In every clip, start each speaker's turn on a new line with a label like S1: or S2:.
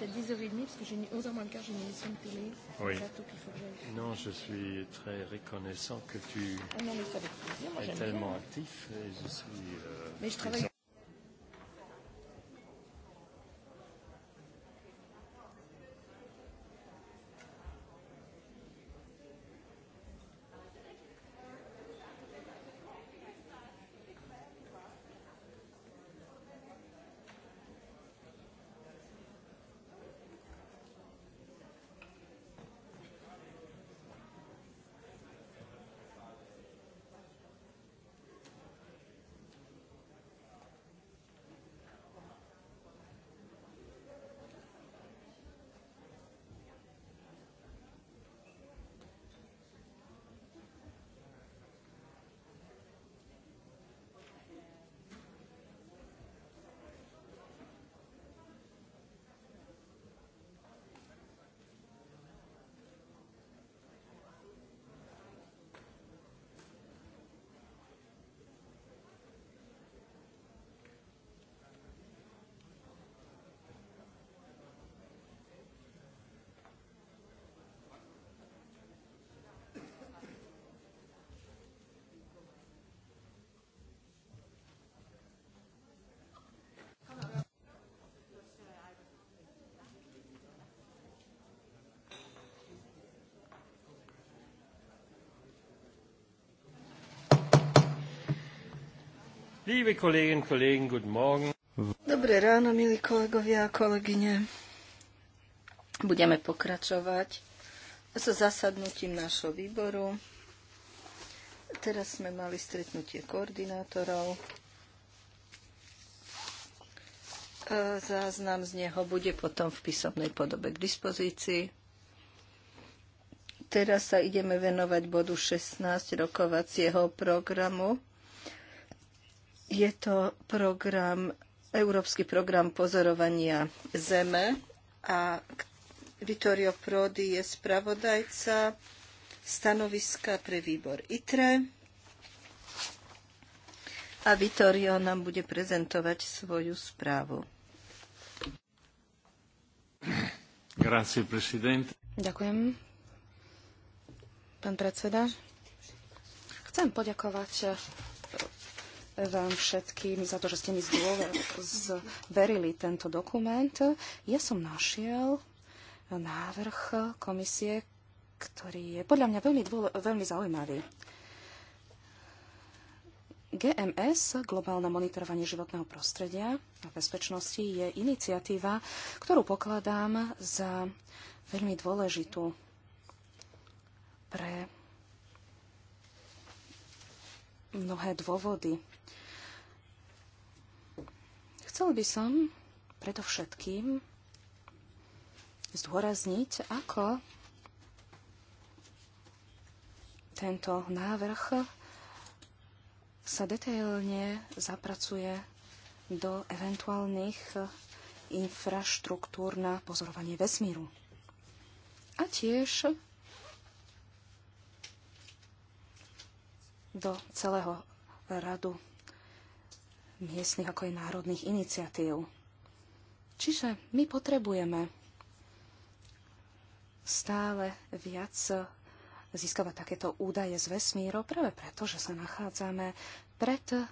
S1: est à 10h30 parce que
S2: j'ai mis 11h moins le quart, j'ai une émission de télé. Oui. Plateau qu'il faut que
S3: Non, je suis très reconnaissant que tu ah non, mais ça avec plaisir, moi, es tellement bien. actif. Et je suis, euh, mais je travaille
S1: Dobré ráno, milí kolegovia a kolegyne. Budeme pokračovať so zasadnutím nášho výboru. Teraz sme mali stretnutie koordinátorov. Záznam z neho bude potom v písomnej podobe k dispozícii. Teraz sa ideme venovať bodu 16 rokovacieho programu je to program, európsky program pozorovania Zeme a Vittorio Prodi je spravodajca stanoviska pre výbor ITRE a Vittorio nám bude prezentovať svoju správu.
S3: Grazie, presidente.
S1: Ďakujem, pán predseda.
S2: Chcem poďakovať vám všetkým za to, že ste mi zverili tento dokument. Ja som našiel návrh komisie, ktorý je podľa mňa veľmi, veľmi zaujímavý. GMS, globálne monitorovanie životného prostredia a bezpečnosti, je iniciatíva, ktorú pokladám za veľmi dôležitú pre mnohé dôvody. Chcel by som predovšetkým zdôrazniť, ako tento návrh sa detailne zapracuje do eventuálnych infraštruktúr na pozorovanie vesmíru. A tiež do celého radu miestnych ako aj národných iniciatív. Čiže my potrebujeme stále viac získavať takéto údaje z vesmíru, práve preto, že sa nachádzame pred eh,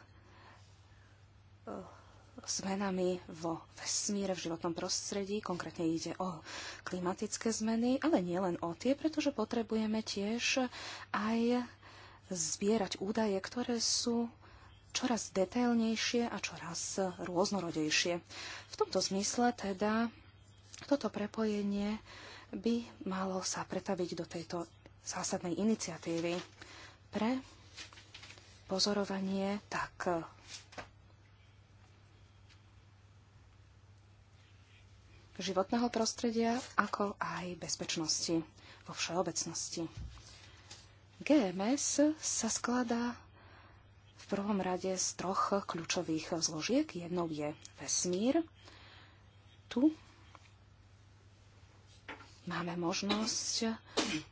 S2: zmenami vo vesmíre, v životnom prostredí. Konkrétne ide o klimatické zmeny, ale nielen o tie, pretože potrebujeme tiež aj zbierať údaje, ktoré sú čoraz detailnejšie a čoraz rôznorodejšie. V tomto zmysle teda toto prepojenie by malo sa pretaviť do tejto zásadnej iniciatívy pre pozorovanie tak životného prostredia, ako aj bezpečnosti vo všeobecnosti. GMS sa skladá v prvom rade z troch kľúčových zložiek. Jednou je vesmír. Tu máme možnosť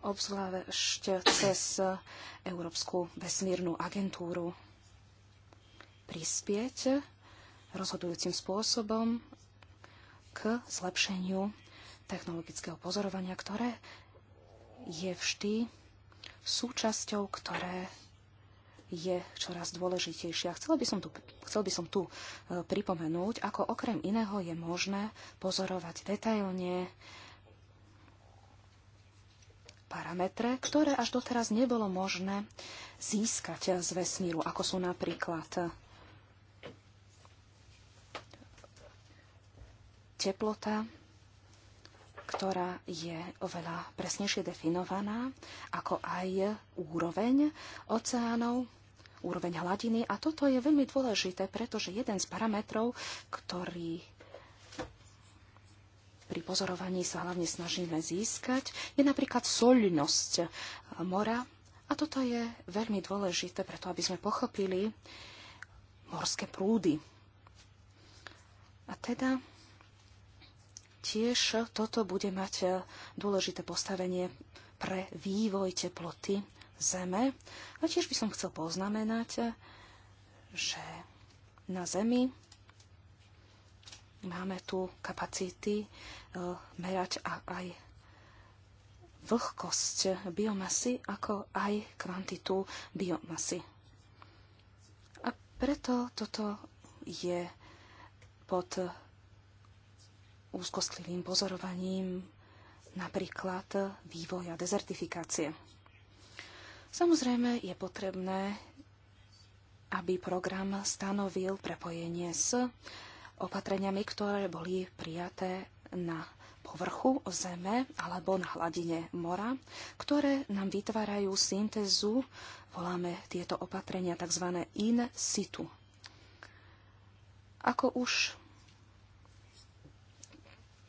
S2: obzvlášť cez Európsku vesmírnu agentúru prispieť rozhodujúcim spôsobom k zlepšeniu technologického pozorovania, ktoré je vždy súčasťou, ktoré je čoraz dôležitejšia. Chcel by som tu, chcel by som tu e, pripomenúť, ako okrem iného je možné pozorovať detailne parametre, ktoré až doteraz nebolo možné získať z vesmíru, ako sú napríklad teplota, ktorá je oveľa presnejšie definovaná, ako aj úroveň oceánov, úroveň hladiny. A toto je veľmi dôležité, pretože jeden z parametrov, ktorý pri pozorovaní sa hlavne snažíme získať, je napríklad soľnosť mora. A toto je veľmi dôležité, preto aby sme pochopili morské prúdy. A teda tiež toto bude mať dôležité postavenie pre vývoj teploty Zeme. A tiež by som chcel poznamenať, že na Zemi máme tu kapacity e, merať a aj vlhkosť biomasy, ako aj kvantitu biomasy. A preto toto je pod úzkostlivým pozorovaním napríklad vývoja dezertifikácie. Samozrejme je potrebné, aby program stanovil prepojenie s opatreniami, ktoré boli prijaté na povrchu Zeme alebo na hladine mora, ktoré nám vytvárajú syntézu, voláme tieto opatrenia tzv. in situ. Ako už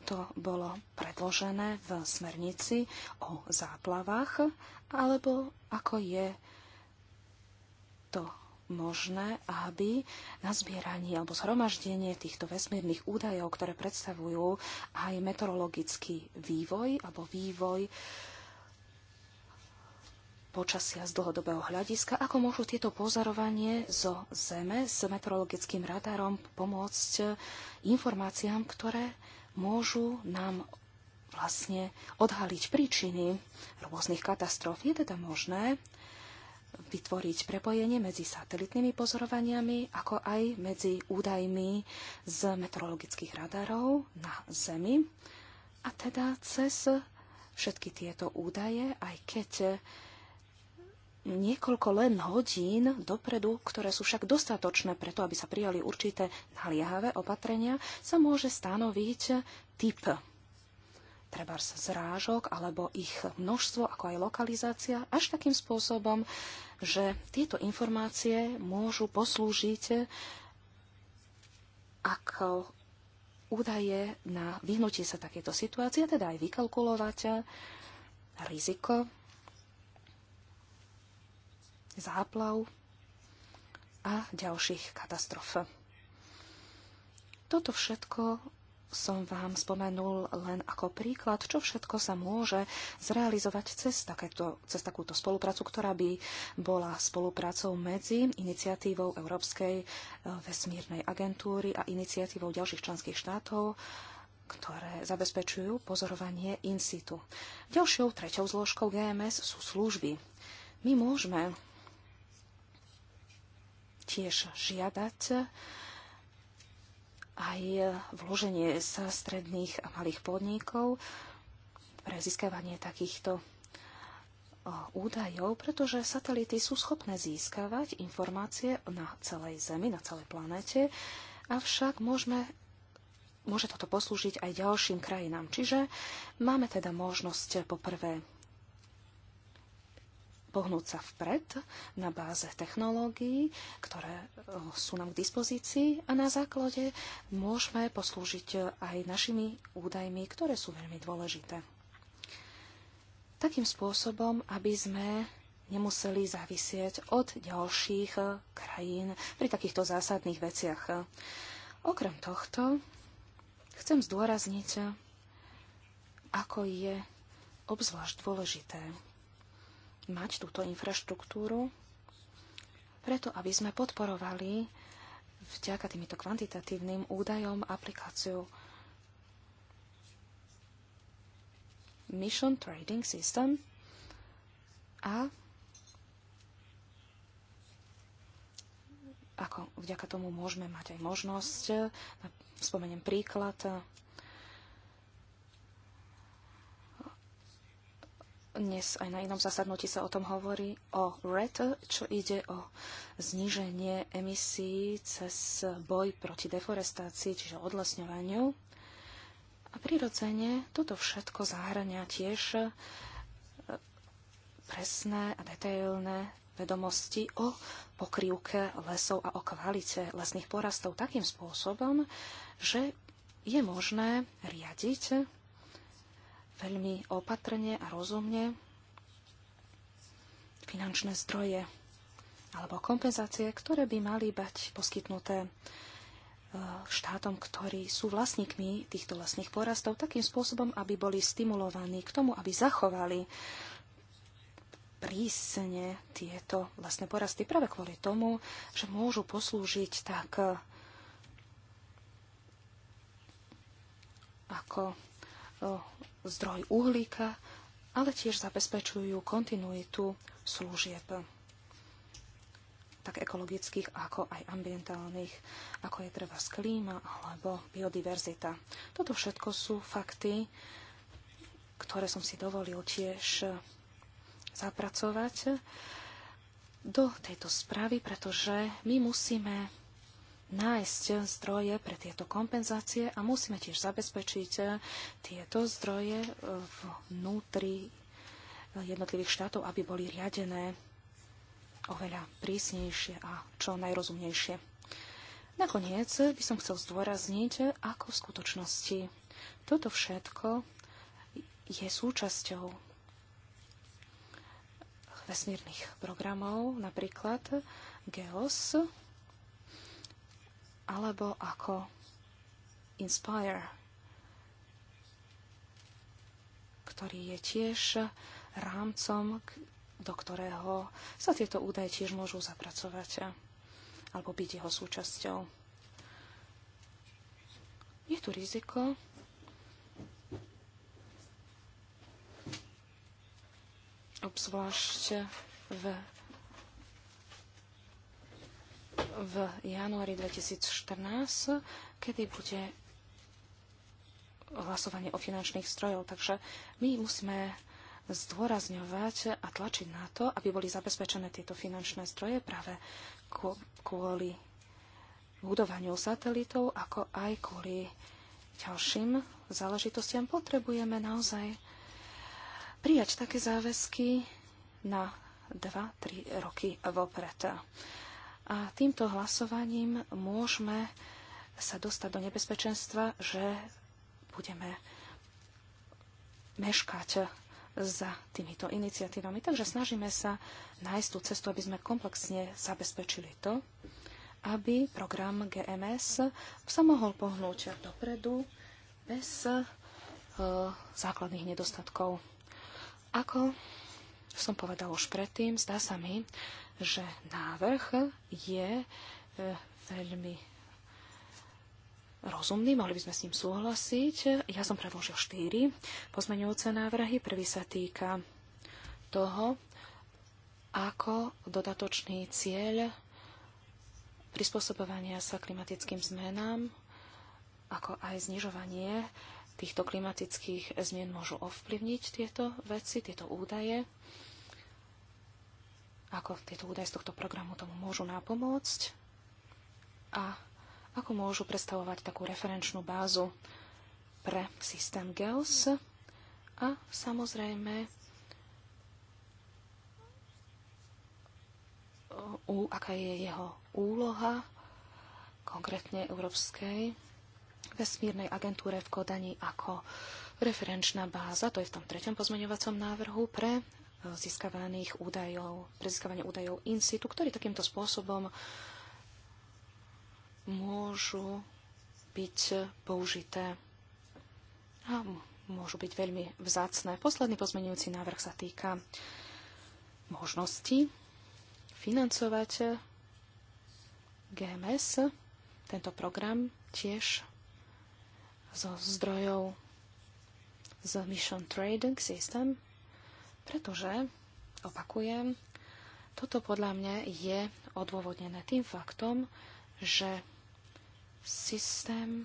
S2: to bolo predložené v smernici o záplavách, alebo ako je to možné, aby nazbieranie alebo zhromaždenie týchto vesmírnych údajov, ktoré predstavujú aj meteorologický vývoj alebo vývoj počasia z dlhodobého hľadiska, ako môžu tieto pozorovanie zo Zeme s meteorologickým radarom pomôcť informáciám, ktoré môžu nám vlastne odhaliť príčiny rôznych katastrof. Je teda možné vytvoriť prepojenie medzi satelitnými pozorovaniami, ako aj medzi údajmi z meteorologických radarov na Zemi. A teda cez všetky tieto údaje, aj keď niekoľko len hodín dopredu, ktoré sú však dostatočné preto, aby sa prijali určité naliehavé opatrenia, sa môže stanoviť typ treba zrážok alebo ich množstvo, ako aj lokalizácia, až takým spôsobom, že tieto informácie môžu poslúžiť ako údaje na vyhnutie sa takéto situácie, teda aj vykalkulovať riziko záplav a ďalších katastrof. Toto všetko som vám spomenul len ako príklad, čo všetko sa môže zrealizovať cez, takéto, cez takúto spoluprácu, ktorá by bola spoluprácou medzi iniciatívou Európskej e, vesmírnej agentúry a iniciatívou ďalších členských štátov, ktoré zabezpečujú pozorovanie in situ. Ďalšou treťou zložkou GMS sú služby. My môžeme tiež žiadať aj vloženie sa stredných a malých podnikov pre získavanie takýchto údajov, pretože satelity sú schopné získavať informácie na celej Zemi, na celej planete, avšak môžeme, môže toto poslúžiť aj ďalším krajinám. Čiže máme teda možnosť poprvé pohnúť sa vpred na báze technológií, ktoré eh, sú nám k dispozícii a na základe môžeme poslúžiť eh, aj našimi údajmi, ktoré sú veľmi dôležité. Takým spôsobom, aby sme nemuseli závisieť od ďalších eh, krajín pri takýchto zásadných veciach. Okrem tohto chcem zdôrazniť, ako je obzvlášť dôležité mať túto infraštruktúru, preto aby sme podporovali vďaka týmito kvantitatívnym údajom aplikáciu Mission Trading System a ako vďaka tomu môžeme mať aj možnosť, spomeniem príklad, dnes aj na inom zasadnutí sa o tom hovorí, o RET, čo ide o zníženie emisí cez boj proti deforestácii, čiže odlesňovaniu. A prirodzene toto všetko zahrania tiež e, presné a detailné vedomosti o pokrývke lesov a o kvalite lesných porastov takým spôsobom, že je možné riadiť veľmi opatrne a rozumne finančné zdroje alebo kompenzácie, ktoré by mali bať poskytnuté e, štátom, ktorí sú vlastníkmi týchto lesných porastov, takým spôsobom, aby boli stimulovaní k tomu, aby zachovali prísne tieto lesné porasty práve kvôli tomu, že môžu poslúžiť tak e, ako e, zdroj uhlíka, ale tiež zabezpečujú kontinuitu služieb tak ekologických, ako aj ambientálnych, ako je treba z klíma alebo biodiverzita. Toto všetko sú fakty, ktoré som si dovolil tiež zapracovať do tejto správy, pretože my musíme nájsť zdroje pre tieto kompenzácie a musíme tiež zabezpečiť tieto zdroje e, vnútri e, jednotlivých štátov, aby boli riadené oveľa prísnejšie a čo najrozumnejšie. Nakoniec by som chcel zdôrazniť, ako v skutočnosti toto všetko je súčasťou vesmírnych programov, napríklad GEOS, alebo ako Inspire, ktorý je tiež rámcom, do ktorého sa tieto údaje tiež môžu zapracovať alebo byť jeho súčasťou. Je tu riziko, obzvlášť v v januári 2014, kedy bude hlasovanie o finančných strojov. Takže my musíme zdôrazňovať a tlačiť na to, aby boli zabezpečené tieto finančné stroje práve kvôli budovaniu satelitov, ako aj kvôli ďalším záležitostiam. Potrebujeme naozaj prijať také záväzky na 2-3 roky vopred. A týmto hlasovaním môžeme sa dostať do nebezpečenstva, že budeme meškať za týmito iniciatívami. Takže snažíme sa nájsť tú cestu, aby sme komplexne zabezpečili to, aby program GMS sa mohol pohnúť dopredu bez eh, základných nedostatkov. Ako som povedal už predtým, zdá sa mi, že návrh je e, veľmi rozumný, mohli by sme s ním súhlasiť. Ja som predložil štyri pozmeňujúce návrhy. Prvý sa týka toho, ako dodatočný cieľ prispôsobovania sa klimatickým zmenám, ako aj znižovanie týchto klimatických zmien môžu ovplyvniť tieto veci, tieto údaje ako tieto údaje z tohto programu tomu môžu napomôcť a ako môžu predstavovať takú referenčnú bázu pre systém GELS a samozrejme u, aká je jeho úloha konkrétne Európskej vesmírnej agentúre v kodaní ako referenčná báza, to je v tom treťom pozmeňovacom návrhu pre získavaných údajov, pre získavanie údajov in situ, ktorí takýmto spôsobom môžu byť použité a môžu byť veľmi vzácné. Posledný pozmenujúci návrh sa týka možnosti financovať GMS, tento program tiež zo zdrojov z Mission Trading System, pretože, opakujem, toto podľa mňa je odôvodnené tým faktom, že systém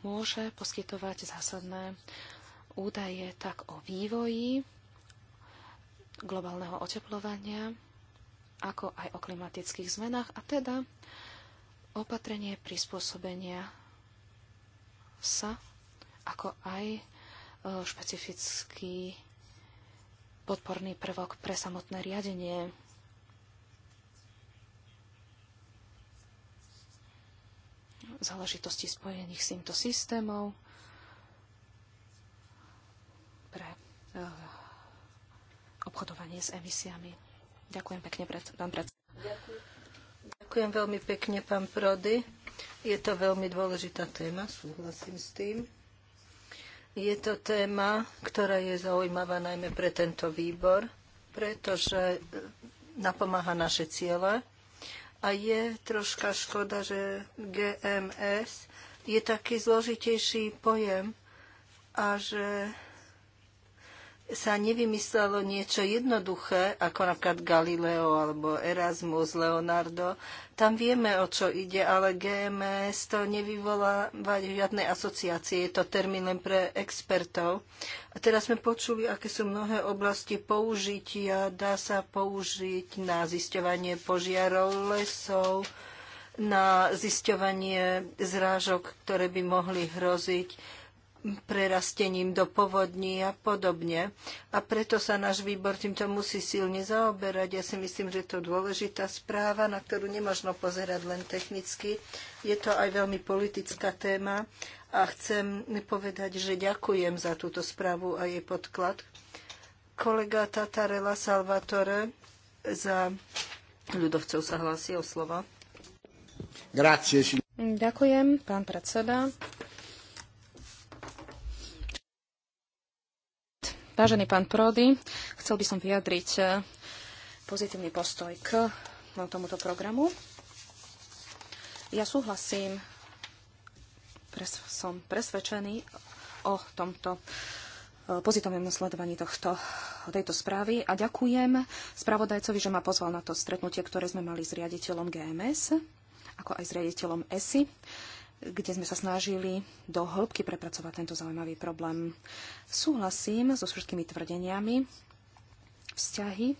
S2: môže poskytovať zásadné údaje tak o vývoji globálneho oteplovania, ako aj o klimatických zmenách, a teda opatrenie prispôsobenia sa, ako aj e, špecifický podporný prvok pre samotné riadenie. záležitosti spojených s týmto systémom.
S1: pre uh, obchodovanie s emisiami. Ďakujem pekne, pred, pán predseda. Ďakujem. Ďakujem veľmi pekne, pán Prody. Je to veľmi dôležitá téma, súhlasím s tým. Je to téma, ktorá je zaujímavá najmä pre tento výbor, pretože e, napomáha naše ciele a je troška škoda, že GMS je taký zložitejší pojem a že sa nevymyslelo niečo jednoduché, ako napríklad Galileo alebo Erasmus, Leonardo. Tam vieme, o čo ide, ale GMS to nevyvoláva žiadne asociácie. Je to termín len pre expertov. A teraz sme počuli, aké sú mnohé oblasti použitia. Dá sa použiť na zisťovanie požiarov lesov, na zisťovanie zrážok, ktoré by mohli hroziť prerastením do povodní a podobne. A preto sa náš výbor týmto musí silne zaoberať. Ja si myslím, že je to dôležitá správa, na ktorú nemožno pozerať len technicky. Je to aj veľmi politická téma a chcem povedať, že ďakujem za túto správu a jej podklad. Kolega Tatarela Salvatore za ľudovcov sa hlási o slovo.
S2: Grazie. Ďakujem, pán predseda. Vážený pán Prody, chcel by som vyjadriť eh, pozitívny postoj k no, tomuto programu. Ja súhlasím, pres, som presvedčený o tomto eh, pozitívnom sledovaní tohto, tejto správy a ďakujem spravodajcovi, že ma pozval na to stretnutie, ktoré sme mali s riaditeľom GMS, ako aj s riaditeľom ESI kde sme sa snažili do hĺbky prepracovať tento zaujímavý problém. Súhlasím so všetkými tvrdeniami. Vzťahy,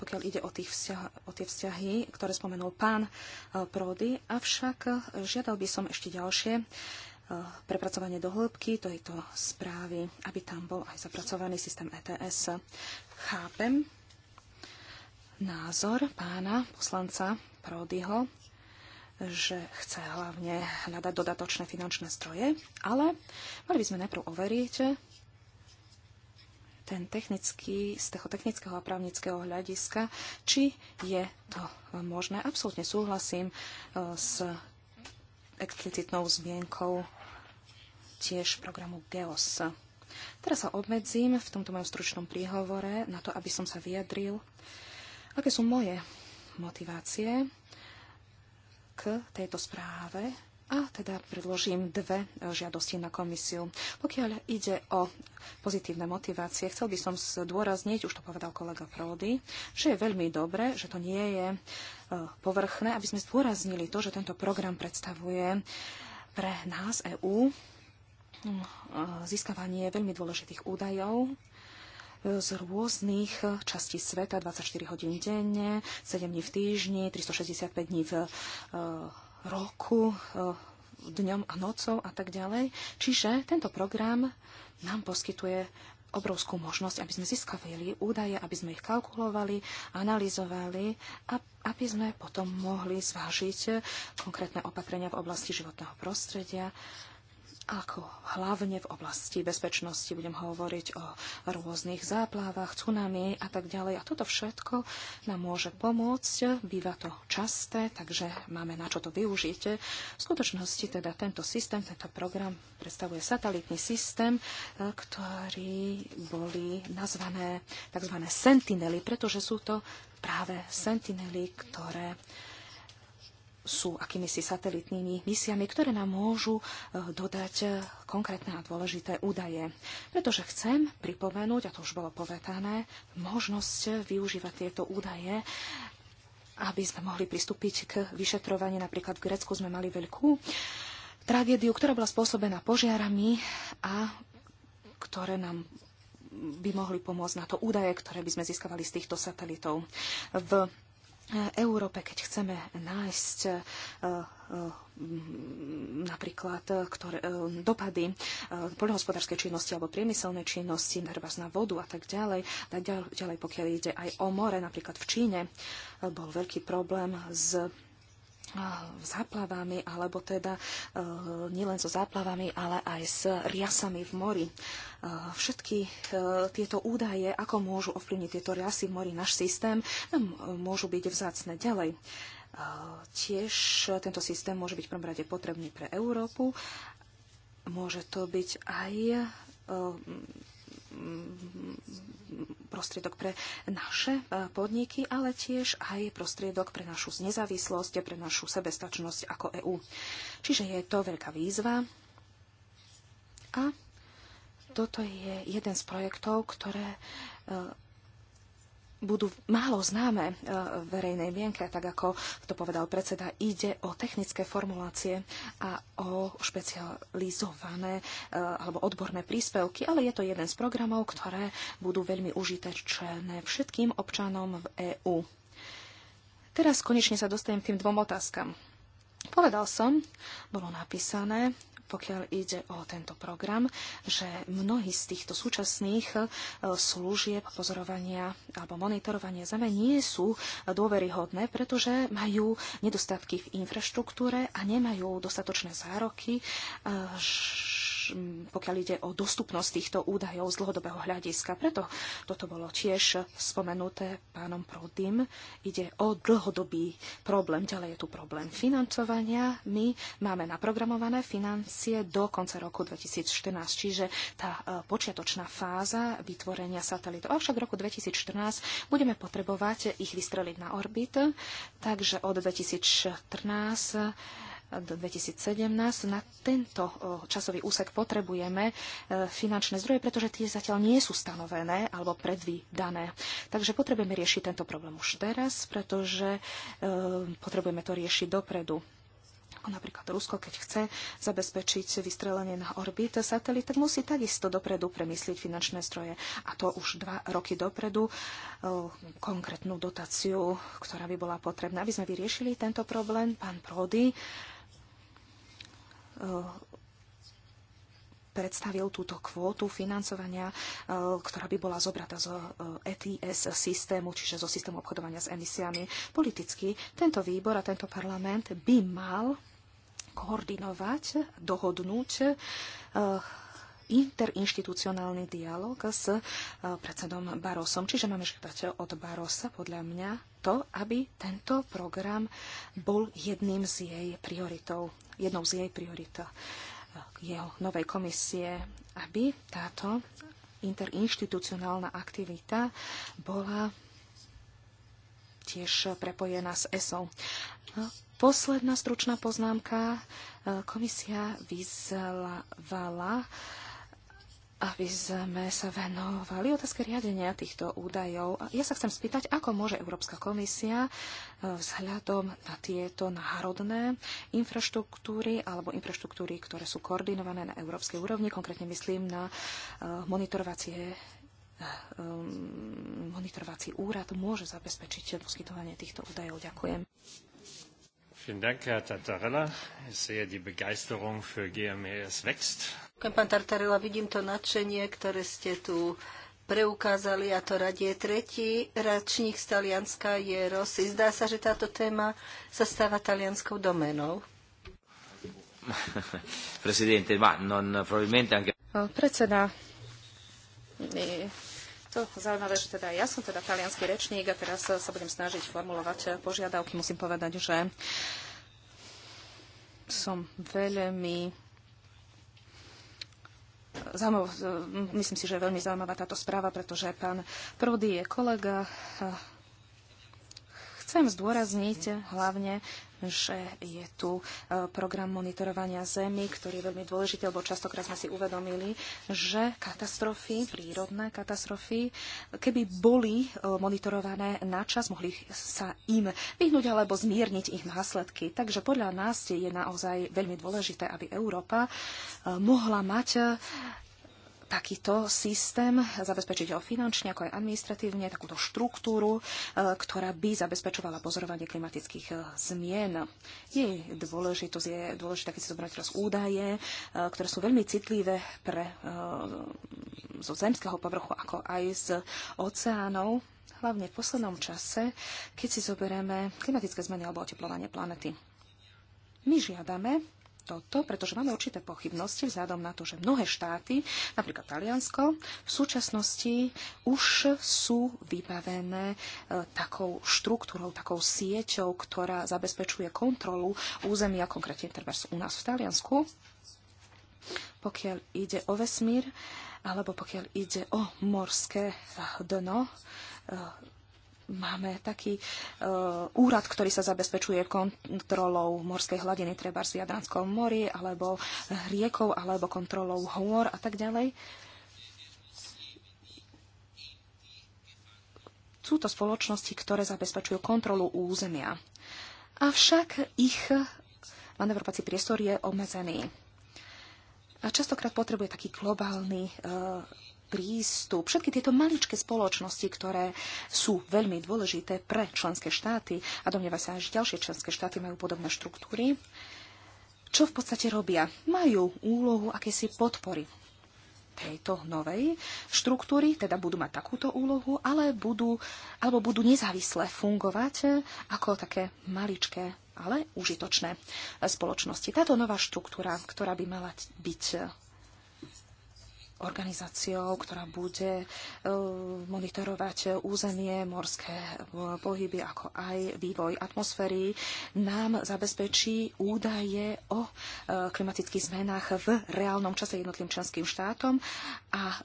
S2: pokiaľ ide o, tých vzťah, o tie vzťahy, ktoré spomenul pán e, Prody, avšak e, žiadal by som ešte ďalšie e, prepracovanie do hĺbky tejto správy, aby tam bol aj zapracovaný systém ETS. Chápem názor pána poslanca Prodyho, že chce hlavne hľadať dodatočné finančné stroje, ale mali by sme najprv overiť ten technický, z toho technického a právnického hľadiska, či je to možné. Absolutne súhlasím e, s explicitnou zmienkou tiež programu GEOS. Teraz sa obmedzím v tomto mojom stručnom príhovore na to, aby som sa vyjadril, aké sú moje motivácie k tejto správe a teda predložím dve e, žiadosti na komisiu. Pokiaľ ide o pozitívne motivácie, chcel by som zdôrazniť, už to povedal kolega Prody, že je veľmi dobré, že to nie je e, povrchné, aby sme zdôraznili to, že tento program predstavuje pre nás EÚ e, získavanie veľmi dôležitých údajov z rôznych častí sveta, 24 hodín denne, 7 dní v týždni, 365 dní v e, roku, e, dňom a nocou a tak ďalej. Čiže tento program nám poskytuje obrovskú možnosť, aby sme získavili údaje, aby sme ich kalkulovali, analyzovali a aby sme potom mohli zvážiť konkrétne opatrenia v oblasti životného prostredia ako hlavne v oblasti bezpečnosti budem hovoriť o rôznych záplavách, tsunami a tak ďalej. A toto všetko nám môže pomôcť. Býva to časté, takže máme na čo to využiť. V skutočnosti teda tento systém, tento program predstavuje satelitný systém, e, ktorý boli nazvané tzv. sentinely, pretože sú to práve sentinely, ktoré sú akýmisi satelitnými misiami, ktoré nám môžu e, dodať e, konkrétne a dôležité údaje. Pretože chcem pripomenúť, a to už bolo povedané, možnosť využívať tieto údaje aby sme mohli pristúpiť k vyšetrovaniu. Napríklad v Grécku sme mali veľkú tragédiu, ktorá bola spôsobená požiarami a ktoré nám by mohli pomôcť na to údaje, ktoré by sme získavali z týchto satelitov. V Európe, keď chceme nájsť eh, eh, napríklad eh, ktoré, dopady poľnohospodárskej činnosti alebo priemyselnej činnosti, hrbáz na vodu a tak ďalej, tak ďalej, pokiaľ ide aj o more, napríklad v Číne bol veľký problém s záplavami, alebo teda e, nielen so záplavami, ale aj s riasami v mori. E, všetky e, tieto údaje, ako môžu ovplyvniť tieto riasy v mori náš systém, môžu byť vzácne ďalej. Tiež tento systém môže byť v prvom rade potrebný pre Európu. Môže to byť aj prostriedok pre naše e, podniky, ale tiež aj prostriedok pre našu nezávislosť, pre našu sebestačnosť ako EÚ. Čiže je to veľká výzva a toto je jeden z projektov, ktoré e, budú málo známe e, verejnej mienke, tak ako to povedal predseda, ide o technické formulácie a o špecializované e, alebo odborné príspevky, ale je to jeden z programov, ktoré budú veľmi užitečné všetkým občanom v EÚ. Teraz konečne sa dostanem k tým dvom otázkam. Povedal som, bolo napísané, pokiaľ ide o tento program, že mnohí z týchto súčasných e, služieb pozorovania alebo monitorovania Zeme nie sú dôveryhodné, pretože majú nedostatky v infraštruktúre a nemajú dostatočné zároky, e, pokiaľ ide o dostupnosť týchto údajov z dlhodobého hľadiska. Preto toto bolo tiež spomenuté pánom Prodym. Ide o dlhodobý problém. Ďalej je tu problém financovania. My máme naprogramované financie do konca roku 2014, čiže tá e, počiatočná fáza vytvorenia satelitov. Avšak v roku 2014 budeme potrebovať ich vystreliť na orbit, takže od 2014 do 2017. Na tento časový úsek potrebujeme e, finančné zdroje, pretože tie zatiaľ nie sú stanovené alebo predvídané. Takže potrebujeme riešiť tento problém už teraz, pretože e, potrebujeme to riešiť dopredu ako napríklad Rusko, keď chce zabezpečiť vystrelenie na orbit satelit, tak musí takisto dopredu premyslieť finančné zdroje. A to už dva roky dopredu e, konkrétnu dotáciu, ktorá by bola potrebná, aby sme vyriešili tento problém. Pán Prody Eh, predstavil túto kvótu financovania, eh, ktorá by bola zobratá zo ETS eh, e systému, čiže zo systému obchodovania s emisiami. Politicky tento výbor a tento parlament by mal koordinovať, dohodnúť interinštitucionálny dialog s eh, predsedom Barosom. Čiže máme žiadať od Barosa podľa mňa to, aby tento program bol jedným z jej prioritov, jednou z jej priorit eh, jeho novej komisie, aby táto interinštitucionálna aktivita bola tiež prepojená s ESO. Posledná stručná poznámka. Eh, Komisia vyzvala aby sme sa venovali otázke riadenia týchto údajov. Ja sa chcem spýtať, ako môže Európska komisia e, vzhľadom na tieto národné infraštruktúry alebo infraštruktúry, ktoré sú koordinované na európskej úrovni, konkrétne myslím na e, monitorovacie e, monitorovací úrad môže zabezpečiť
S1: poskytovanie týchto údajov. Ďakujem.
S3: Vielen Dank, Herr Tattarella. Ich sehe, die Begeisterung für GMES wächst.
S1: Pán Tartarela, vidím to nadšenie, ktoré ste tu preukázali a to radie. Tretí račník z Talianska je Rosy. Zdá sa, že táto téma sa stáva talianskou doménou. Presidente, ma non probabilmente anche... Predseda,
S2: to zaujímavé, že teda ja som teda talianský rečník a teraz sa budem snažiť formulovať požiadavky. Musím povedať, že som veľmi zaujímavá, myslím si, že je veľmi zaujímavá táto správa, pretože pán Prody je kolega Chcem zdôrazniť hlavne, že je tu e, program monitorovania Zemi, ktorý je veľmi dôležitý, lebo častokrát sme si uvedomili, že katastrofy, prírodné katastrofy, keby boli e, monitorované na čas, mohli sa im vyhnúť alebo zmierniť ich následky. Takže podľa nás je naozaj veľmi dôležité, aby Európa e, mohla mať takýto systém, zabezpečiť ho finančne ako aj administratívne, takúto štruktúru, e, ktorá by zabezpečovala pozorovanie klimatických e, zmien. Je dôležitosť je dôležité keď si zobrať teraz údaje, e, ktoré sú veľmi citlivé pre, zo zemského povrchu, ako aj z oceánov, hlavne v poslednom čase, keď si zoberieme klimatické zmeny alebo oteplovanie planety. My žiadame toto, pretože máme určité pochybnosti vzhľadom na to, že mnohé štáty, napríklad Taliansko, v súčasnosti už sú vybavené e, takou štruktúrou, takou sieťou, ktorá zabezpečuje kontrolu územia, konkrétne treba u nás v Taliansku, pokiaľ ide o vesmír, alebo pokiaľ ide o morské dno, e, máme taký e, úrad, ktorý sa zabezpečuje kontrolou morskej hladiny, treba v Jadranskom mori, alebo riekou, alebo kontrolou hôr a tak ďalej. Sú to spoločnosti, ktoré zabezpečujú kontrolu územia. Avšak ich manevrovací priestor je obmedzený. A častokrát potrebuje taký globálny e, prístup, všetky tieto maličké spoločnosti, ktoré sú veľmi dôležité pre členské štáty a domnieva sa, že ďalšie členské štáty majú podobné štruktúry, čo v podstate robia? Majú úlohu akési podpory tejto novej štruktúry, teda budú mať takúto úlohu, ale budú, alebo budú nezávisle fungovať ako také maličké, ale užitočné spoločnosti. Táto nová štruktúra, ktorá by mala byť organizáciou, ktorá bude e, monitorovať územie, morské e, pohyby, ako aj vývoj atmosféry, nám zabezpečí údaje o e, klimatických zmenách v reálnom čase jednotlivým členským štátom a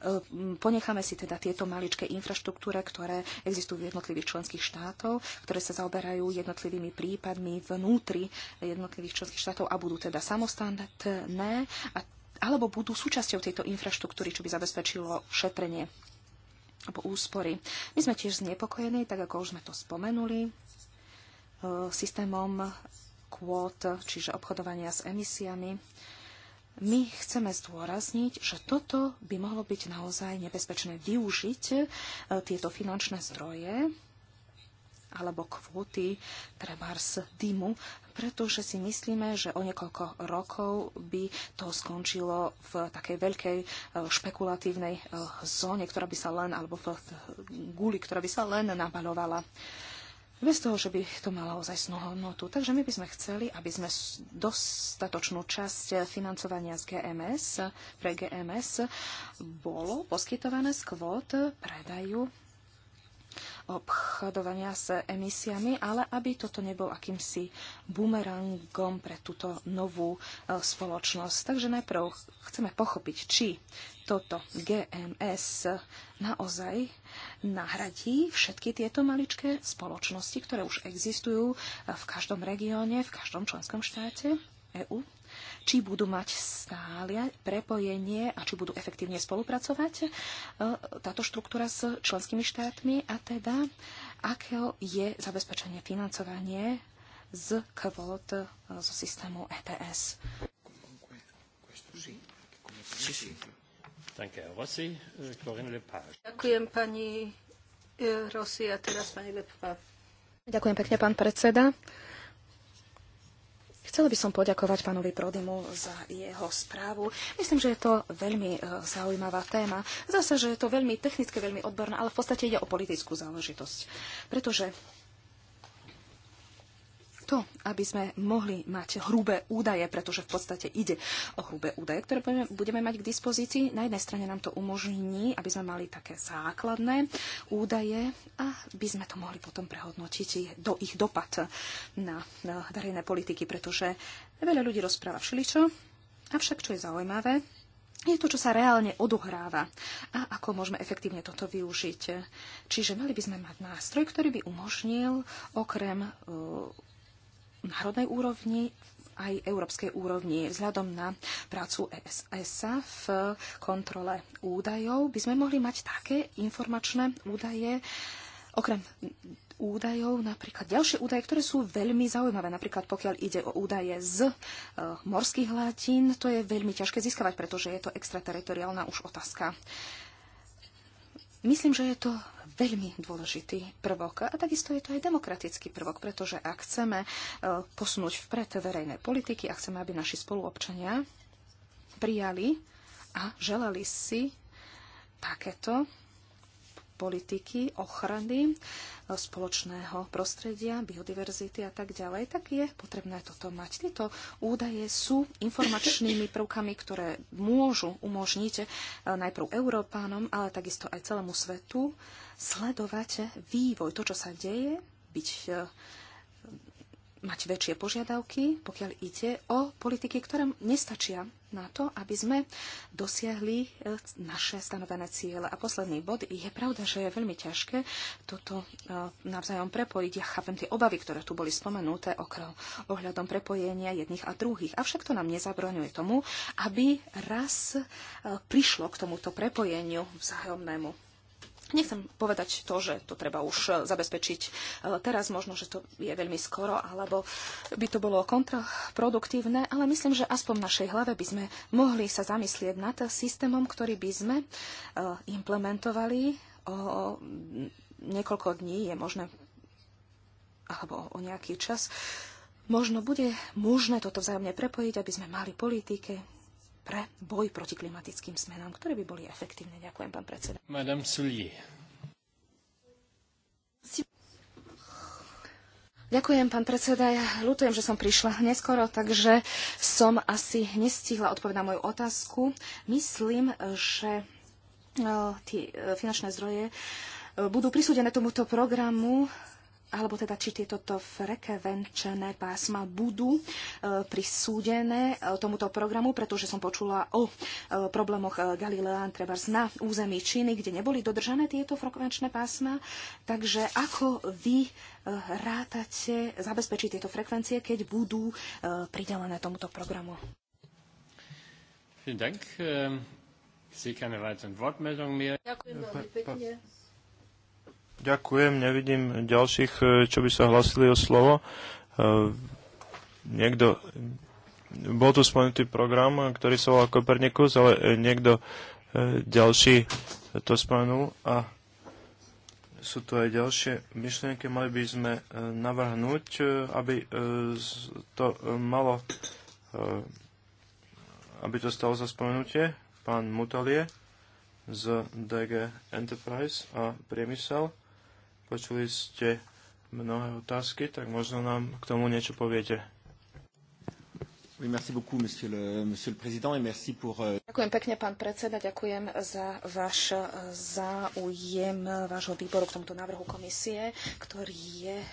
S2: ponecháme si teda tieto maličké infraštruktúre, ktoré existujú v jednotlivých členských štátov, ktoré sa zaoberajú jednotlivými prípadmi vnútri jednotlivých členských štátov a budú teda samostatné a alebo budú súčasťou tejto infraštruktúry, čo by zabezpečilo šetrenie alebo úspory. My sme tiež znepokojení, tak ako už sme to spomenuli, e, systémom kvót, čiže obchodovania s emisiami. My chceme zdôrazniť, že toto by mohlo byť naozaj nebezpečné využiť e, tieto finančné zdroje alebo kvóty trebárs dymu, pretože si myslíme, že o niekoľko rokov by to skončilo v takej veľkej e, špekulatívnej e, zóne, ktorá by sa len, alebo v guli, ktorá by sa len nabalovala. bez toho, že by to malo ozajstnú hodnotu. Takže my by sme chceli, aby sme dostatočnú časť financovania z GMS, pre GMS bolo poskytované z kvót predaju obchodovania s emisiami, ale aby toto nebol akýmsi bumerangom pre túto novú e, spoločnosť. Takže najprv chceme pochopiť, či toto GMS naozaj nahradí všetky tieto maličké spoločnosti, ktoré už existujú e, v každom regióne, v každom členskom štáte EÚ či budú mať stále prepojenie a či budú efektívne spolupracovať e, táto štruktúra s členskými štátmi a teda aké je zabezpečenie financovanie z kvót e, zo systému ETS.
S3: Äh,
S1: Ďakujem pani e, Rosy a teraz pani Lepová.
S2: Ďakujem pekne, pán predseda. Chcela by som poďakovať pánovi Prodimu za jeho správu. Myslím, že je to veľmi e, zaujímavá téma. Zase, že je to veľmi technické, veľmi odborné, ale v podstate ide o politickú záležitosť. Pretože to, aby sme mohli mať hrubé údaje, pretože v podstate ide o hrubé údaje, ktoré budeme, budeme mať k dispozícii. Na jednej strane nám to umožní, aby sme mali také základné údaje a by sme to mohli potom prehodnotiť do ich dopad na, na verejné politiky, pretože veľa ľudí rozpráva všeličo, avšak čo je zaujímavé, je to, čo sa reálne odohráva a ako môžeme efektívne toto využiť. Čiže mali by sme mať nástroj, ktorý by umožnil okrem uh, národnej úrovni aj európskej úrovni. Vzhľadom na prácu ESS v kontrole údajov by sme mohli mať také informačné údaje, okrem údajov, napríklad ďalšie údaje, ktoré sú veľmi zaujímavé. Napríklad pokiaľ ide o údaje z e, morských hladín, to je veľmi ťažké získavať, pretože je to extrateritoriálna už otázka. Myslím, že je to veľmi dôležitý prvok. A takisto je to aj demokratický prvok, pretože ak chceme e, posunúť vpred verejné politiky a chceme, aby naši spoluobčania prijali a želali si takéto politiky ochrany e, spoločného prostredia, biodiverzity a tak ďalej, tak je potrebné toto mať. Tieto údaje sú informačnými prvkami, ktoré môžu umožniť e, najprv Európánom, ale takisto aj celému svetu sledovať vývoj, to, čo sa deje, byť e, mať väčšie požiadavky, pokiaľ ide o politiky, ktoré nestačia na to, aby sme dosiahli e, naše stanovené ciele. A posledný bod, je pravda, že je veľmi ťažké toto e, navzájom prepojiť. Ja chápem tie obavy, ktoré tu boli spomenuté okrom, ohľadom prepojenia jedných a druhých. Avšak to nám nezabroňuje tomu, aby raz e, prišlo k tomuto prepojeniu vzájomnému Nechcem povedať to, že to treba už e, zabezpečiť teraz, možno, že to je veľmi skoro, alebo by to bolo kontraproduktívne, ale myslím, že aspoň v našej hlave by sme mohli sa zamyslieť nad systémom, ktorý by sme e, implementovali o niekoľko dní, je možné, alebo o nejaký čas, možno bude možné toto vzájomne prepojiť, aby sme mali politike, pre boj proti klimatickým zmenám, ktoré by boli efektívne. Ďakujem, pán
S3: predseda. Madame Sully.
S2: Ďakujem, pán predseda. Ja ľutujem, že som prišla neskoro, takže som asi nestihla odpovedať na moju otázku. Myslím, že e, tie e, finančné zdroje e, budú prisúdené tomuto programu alebo teda či tieto venčené pásma budú e, prisúdené e, tomuto programu, pretože som počula o e, problémoch Galilea treba na území Číny, kde neboli dodržané tieto frekvenčné pásma. Takže ako vy rátate zabezpečiť tieto frekvencie, keď budú pridelené tomuto programu?
S3: Ähm, Ďakujem veľmi pekne. Ďakujem, nevidím ďalších, e, čo by sa hlasili o slovo. E, niekto, bol tu spomenutý program, ktorý sa volá Kopernikus, ale e, niekto ďalší to spomenul a sú tu aj ďalšie myšlienky. Mali by sme navrhnúť, aby to malo aby to stalo za spomenutie pán Mutalie z DG Enterprise a Priemysel Počuli ste mnohé otázky, tak možno nám k tomu niečo poviete. Oui, merci beaucoup, monsieur le, monsieur le président, et merci pour... Euh,
S2: ďakujem pekne, pán predseda, ďakujem za váš e, záujem e, vášho výboru k tomuto návrhu komisie, ktorý je e,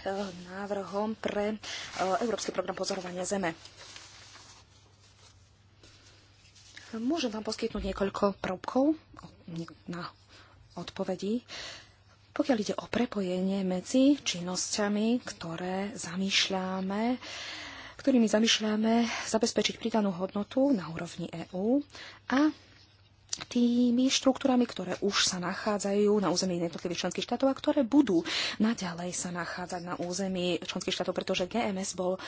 S2: návrhom pre Európsky program pozorovania Zeme. Môžem vám poskytnúť niekoľko prvkov na odpovedí. Pokiaľ ide o prepojenie medzi činnosťami, ktoré zamýšľame, ktorými zamýšľame zabezpečiť pridanú hodnotu na úrovni EÚ a tými štruktúrami, ktoré už sa nachádzajú na území jednotlivých členských štátov a ktoré budú naďalej sa nachádzať na území členských štátov, pretože GMS bol e,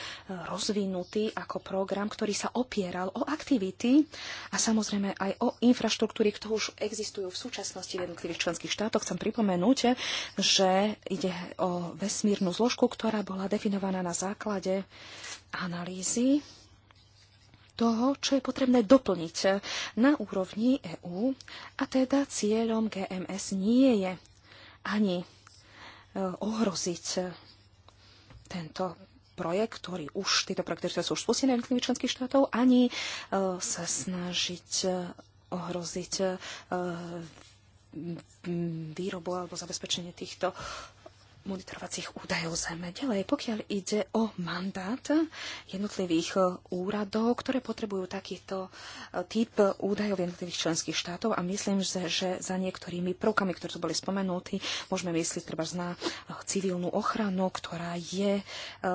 S2: rozvinutý ako program, ktorý sa opieral o aktivity a samozrejme aj o infraštruktúry, ktoré už existujú v súčasnosti v jednotlivých členských štátoch. Chcem pripomenúť, že ide o vesmírnu zložku, ktorá bola definovaná na základe analýzy toho, čo je potrebné doplniť na úrovni EÚ a teda cieľom GMS nie je ani e, ohroziť tento projekt, ktorý už, tieto projekty ktoré sú už spustené jednotlivých členských štátov, ani e, sa snažiť ohroziť e, výrobu alebo zabezpečenie týchto monitorovacích údajov zeme. Ďalej, pokiaľ ide o mandát jednotlivých e, úradov, ktoré potrebujú takýto e, typ údajov jednotlivých členských štátov a myslím, že, že za niektorými prvkami, ktoré tu boli spomenutí, môžeme myslieť treba na civilnú ochranu, ktorá je e,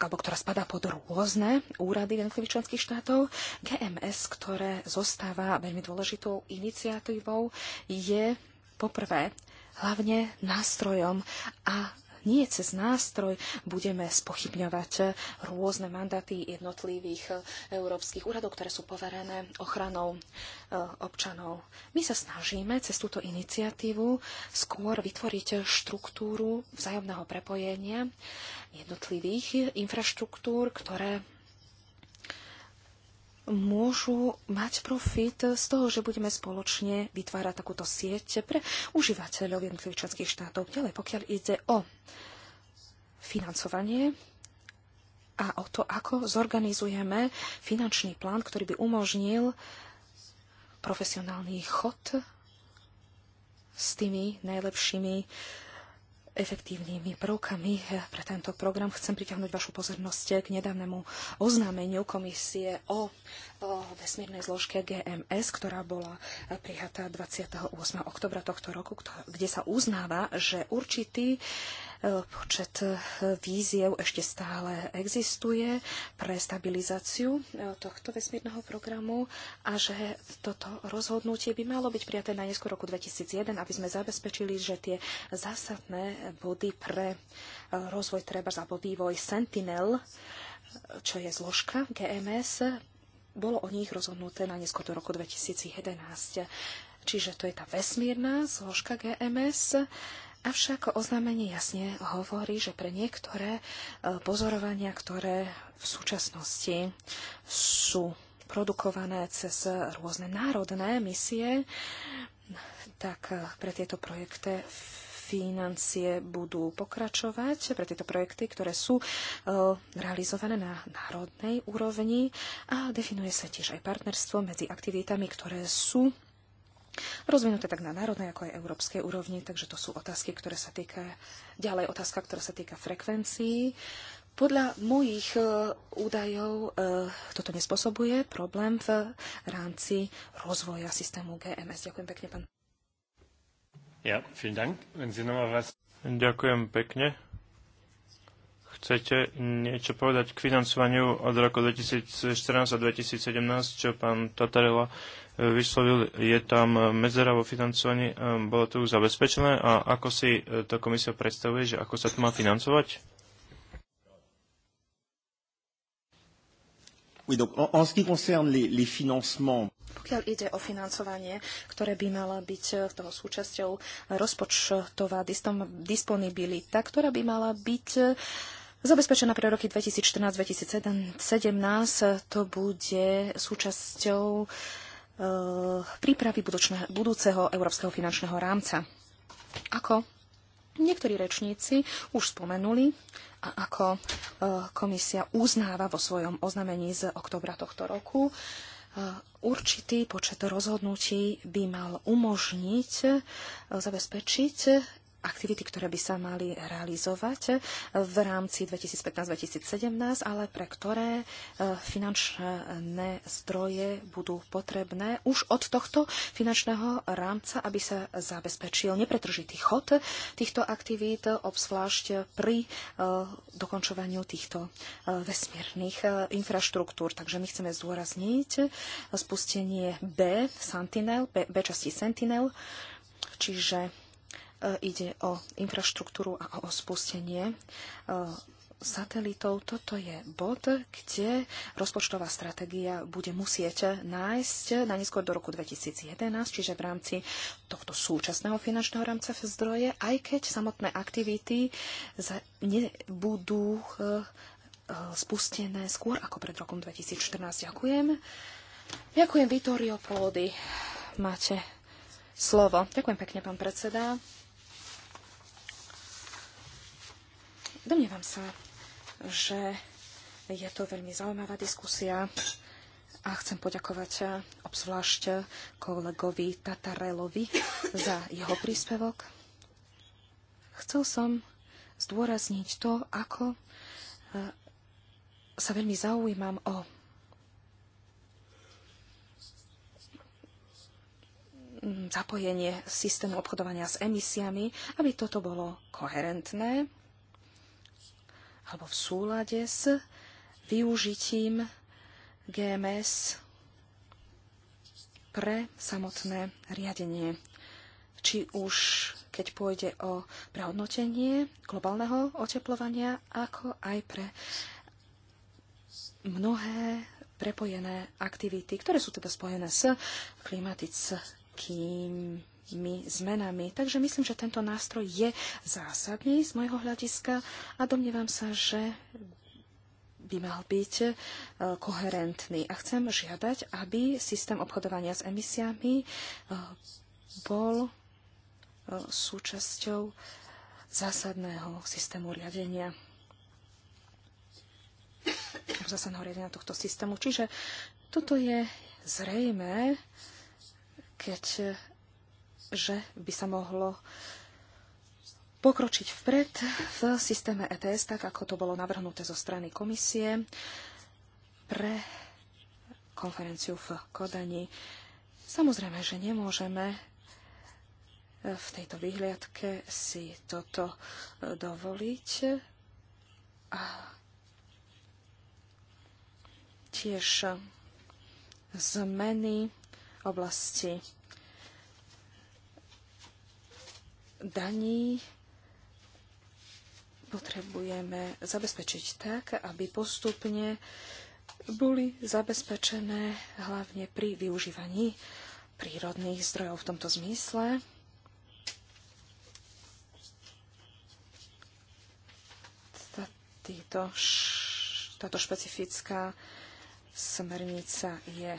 S2: alebo ktorá spadá pod rôzne úrady jednotlivých členských štátov. GMS, ktoré zostáva veľmi dôležitou iniciatívou, je poprvé hlavne nástrojom a nie cez nástroj budeme spochybňovať rôzne mandáty jednotlivých európskych úradov, ktoré sú poverené ochranou e, občanov. My sa snažíme cez túto iniciatívu skôr vytvoriť štruktúru vzájomného prepojenia jednotlivých infraštruktúr, ktoré môžu mať profit z toho, že budeme spoločne vytvárať takúto sieť pre užívateľov jednotlivých členských štátov. Ďalej, pokiaľ ide o financovanie a o to, ako zorganizujeme finančný plán, ktorý by umožnil profesionálny chod s tými najlepšími uh, efektívnymi prvkami pre tento program. Chcem priťahnuť vašu pozornosť k nedávnemu oznámeniu komisie o, o vesmírnej zložke GMS, ktorá bola prijatá 28. oktobra tohto roku, kde sa uznáva, že určitý Počet e, víziev ešte stále existuje pre stabilizáciu e, tohto vesmírneho programu a že toto rozhodnutie by malo byť prijaté na neskôr roku 2001, aby sme zabezpečili, že tie zásadné body pre e, rozvoj treba alebo vývoj Sentinel, čo je zložka GMS, bolo o nich rozhodnuté na neskôr do roku 2011. Čiže to je tá vesmírna zložka GMS Avšak oznámenie jasne hovorí, že pre niektoré e, pozorovania, ktoré v súčasnosti sú produkované cez rôzne národné misie, tak e, pre tieto projekty financie budú pokračovať pre tieto projekty, ktoré sú e, realizované na národnej úrovni a definuje sa tiež aj partnerstvo medzi aktivitami, ktoré sú rozvinuté tak na národnej, ako aj európskej úrovni, takže to sú otázky, ktoré sa týka, ďalej otázka, ktorá sa týka frekvencií. Podľa mojich e, údajov e, toto nespôsobuje problém v rámci rozvoja systému GMS. Ďakujem pekne, pán.
S3: Ja, vielen Dank. Wenn Sie was... Ďakujem pekne. Chcete niečo povedať k financovaniu od roku 2014 a 2017, čo pán Tatarela vyslovil, je tam medzera vo financovaní, e, bolo to už zabezpečené a ako si e, to komisia predstavuje, že ako sa to má financovať? Oui, donc en, en ce qui concerne les, les financements.
S2: Pokiaľ ide o financovanie, ktoré by mala byť e, toho súčasťou rozpočtová disponibilita, ktorá by mala byť zabezpečená pre roky 2014-2017, to bude súčasťou uh, Eh, prípravy budúceho európskeho finančného rámca. Ako niektorí rečníci už spomenuli a ako eh, komisia uznáva vo svojom oznamení z oktobra tohto roku, eh, určitý počet rozhodnutí by mal umožniť zabezpečiť aktivity, ktoré by sa mali realizovať v rámci 2015-2017, ale pre ktoré e, finančné zdroje budú potrebné už od tohto finančného rámca, aby sa zabezpečil nepretržitý chod týchto aktivít, obzvlášť pri e, dokončovaniu týchto e, vesmírnych infraštruktúr. Takže my chceme zdôrazniť spustenie B, Sentinel, B, B časti Sentinel, čiže E, ide o infraštruktúru a o spustenie e, satelitov. Toto je bod, kde rozpočtová stratégia bude musieť nájsť na neskôr do roku 2011, čiže v rámci tohto súčasného finančného rámca zdroje, aj keď samotné aktivity nebudú e, spustené skôr ako pred rokom 2014. Ďakujem. Ďakujem, Vitorio Prodi. Máte slovo. Ďakujem pekne, pán predseda. Domnievam sa, že je to veľmi zaujímavá diskusia a chcem poďakovať obzvlášť kolegovi Tatarelovi za jeho príspevok. Chcel som zdôrazniť to, ako e, sa veľmi zaujímam o zapojenie systému obchodovania s emisiami, aby toto bolo koherentné alebo v súlade s využitím GMS pre samotné riadenie. Či už keď pôjde o prehodnotenie globálneho oteplovania, ako aj pre mnohé prepojené aktivity, ktoré sú teda spojené s klimatickým zásadnými zmenami. Takže myslím, že tento nástroj je zásadný z môjho hľadiska a domnievam sa, že by mal byť e, koherentný. A chcem žiadať, aby systém obchodovania s emisiami e, bol e, súčasťou zásadného systému riadenia zásadného riadenia tohto systému. Čiže toto je zrejme, keď že by sa mohlo pokročiť vpred v systéme ETS, tak ako to bolo navrhnuté zo strany komisie pre konferenciu v Kodani. Samozrejme, že nemôžeme v tejto vyhliadke si toto e, dovoliť. A tiež e, zmeny oblasti daní potrebujeme zabezpečiť tak, aby postupne boli zabezpečené hlavne pri využívaní prírodných zdrojov v tomto zmysle. Títo, táto špecifická smernica je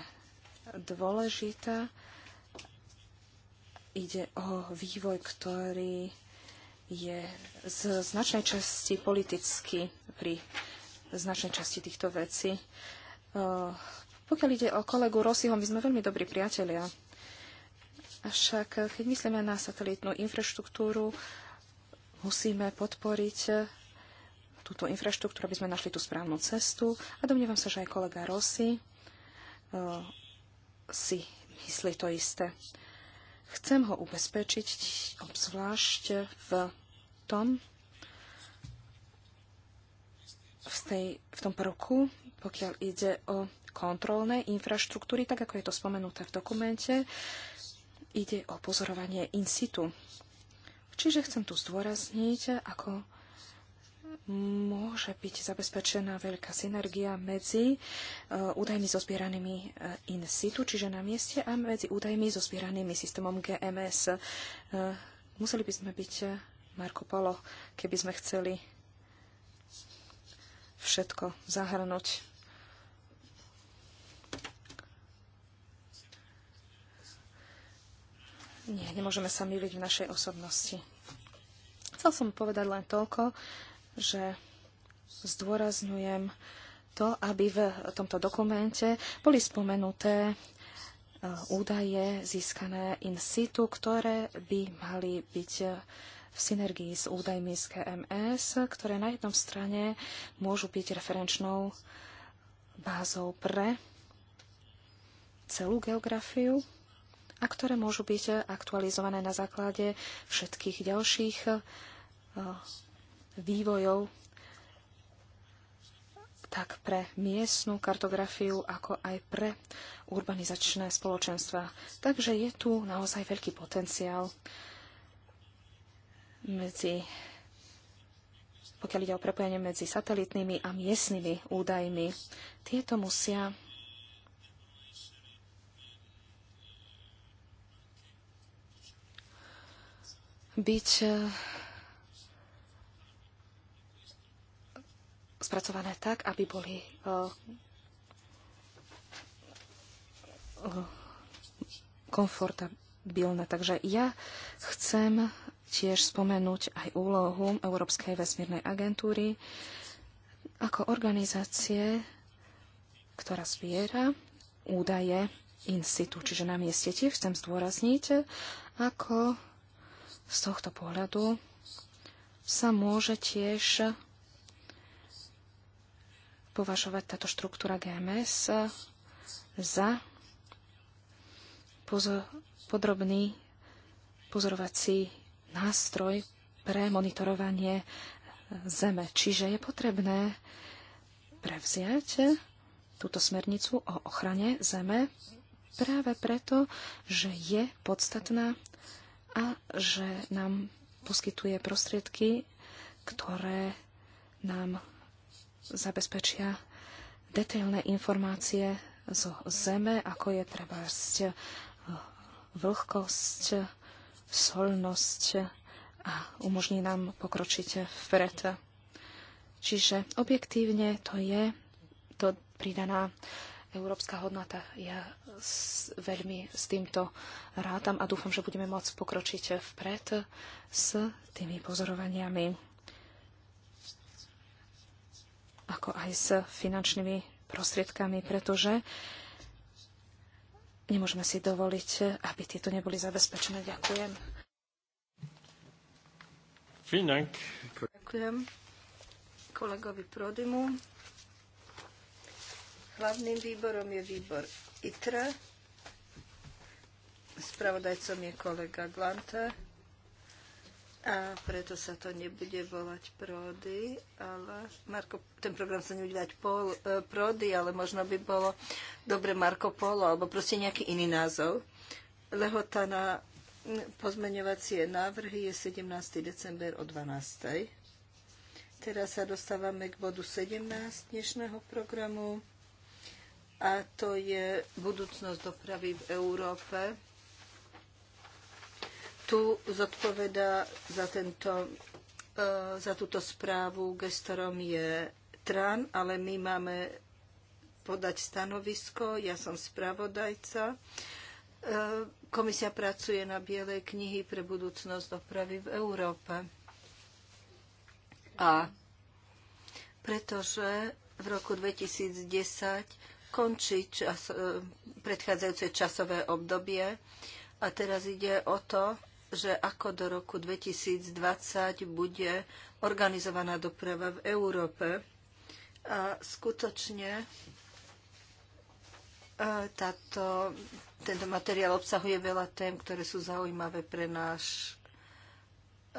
S2: dôležitá ide o vývoj, ktorý je z značnej časti politicky pri značnej časti týchto vecí. E, pokiaľ ide o kolegu Rosiho, my sme veľmi dobrí priatelia. Avšak, keď myslíme na satelitnú infraštruktúru, musíme podporiť túto infraštruktúru, aby sme našli tú správnu cestu. A domnievam sa, že aj kolega Rossi e, si myslí to isté. Chcem ho ubezpečiť obzvlášť v tom, v, tej, v tom prvku, pokiaľ ide o kontrolné infraštruktúry, tak ako je to spomenuté v dokumente, ide o pozorovanie in situ. Čiže chcem tu zdôrazniť, ako môže byť zabezpečená veľká synergia medzi eh, údajmi zozbieranými eh, in situ, čiže na mieste, a medzi údajmi zozbieranými systémom GMS. Eh, museli by sme byť Marko Polo, keby sme chceli všetko zahrnúť. Nie, nemôžeme sa myliť v našej osobnosti. Chcel som povedať len toľko, že zdôrazňujem to, aby v tomto dokumente boli spomenuté e, údaje získané in situ, ktoré by mali byť e, v synergii s údajmi z KMS, ktoré na jednom strane môžu byť referenčnou bázou pre celú geografiu a ktoré môžu byť aktualizované na základe všetkých ďalších e, vývojov tak pre miestnú kartografiu, ako aj pre urbanizačné spoločenstva. Takže je tu naozaj veľký potenciál medzi pokiaľ ide o prepojenie medzi satelitnými a miestnymi údajmi. Tieto musia byť eh, spracované tak, aby boli eh, eh, komfortabilné. Takže ja chcem tiež spomenúť aj úlohu Európskej vesmírnej agentúry ako organizácie, ktorá zbiera údaje in situ, čiže na mieste tiež chcem zdôrazniť, ako z tohto pohľadu sa môže tiež považovať táto štruktúra GMS za pozor, podrobný pozorovací nástroj pre monitorovanie Zeme. Čiže je potrebné prevziať túto smernicu o ochrane Zeme práve preto, že je podstatná a že nám poskytuje prostriedky, ktoré nám zabezpečia detailné informácie zo zeme, ako je treba eh, vlhkosť, solnosť a umožní nám pokročiť vpred. Čiže objektívne to je to pridaná európska hodnota. Ja s, veľmi s týmto rátam a dúfam, že budeme môcť pokročiť vpred s tými pozorovaniami ako aj s finančnými prostriedkami, pretože nemôžeme si dovoliť, aby tieto neboli zabezpečené. Ďakujem.
S1: Ďakujem kolegovi Prodimu. Hlavným výborom je výbor ITRE. Spravodajcom je kolega Glante. A preto sa to nebude volať Prody, ale Marko, ten program sa nebude volať Pol, e, Prody, ale možno by bolo dobre Marko Polo, alebo proste nejaký iný názov. Lehota na pozmeňovacie návrhy je 17. december o 12. Teraz sa dostávame k bodu 17 dnešného programu a to je budúcnosť dopravy v Európe tu zodpoveda za, tento, e, za túto správu gestorom je TRAN, ale my máme podať stanovisko, ja som spravodajca. E, komisia pracuje na Bielej knihy pre budúcnosť dopravy v Európe. A pretože v roku 2010 končí čas, e, predchádzajúce časové obdobie a teraz ide o to, že ako do roku 2020 bude organizovaná doprava v Európe. A skutočne e, táto, tento materiál obsahuje veľa tém, ktoré sú zaujímavé pre náš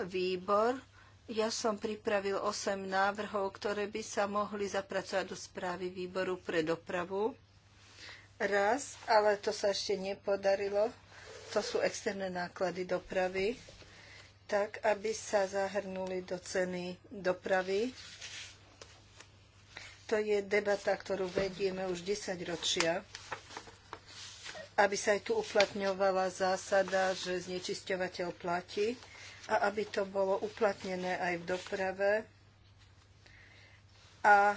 S1: výbor. Ja som pripravil 8 návrhov, ktoré by sa mohli zapracovať do správy výboru pre dopravu. Raz, ale to sa ešte nepodarilo to sú externé náklady dopravy, tak aby sa zahrnuli do ceny dopravy. To je debata, ktorú vedieme už 10 ročia, aby sa aj tu uplatňovala zásada, že znečisťovateľ platí a aby to bolo uplatnené aj v doprave. A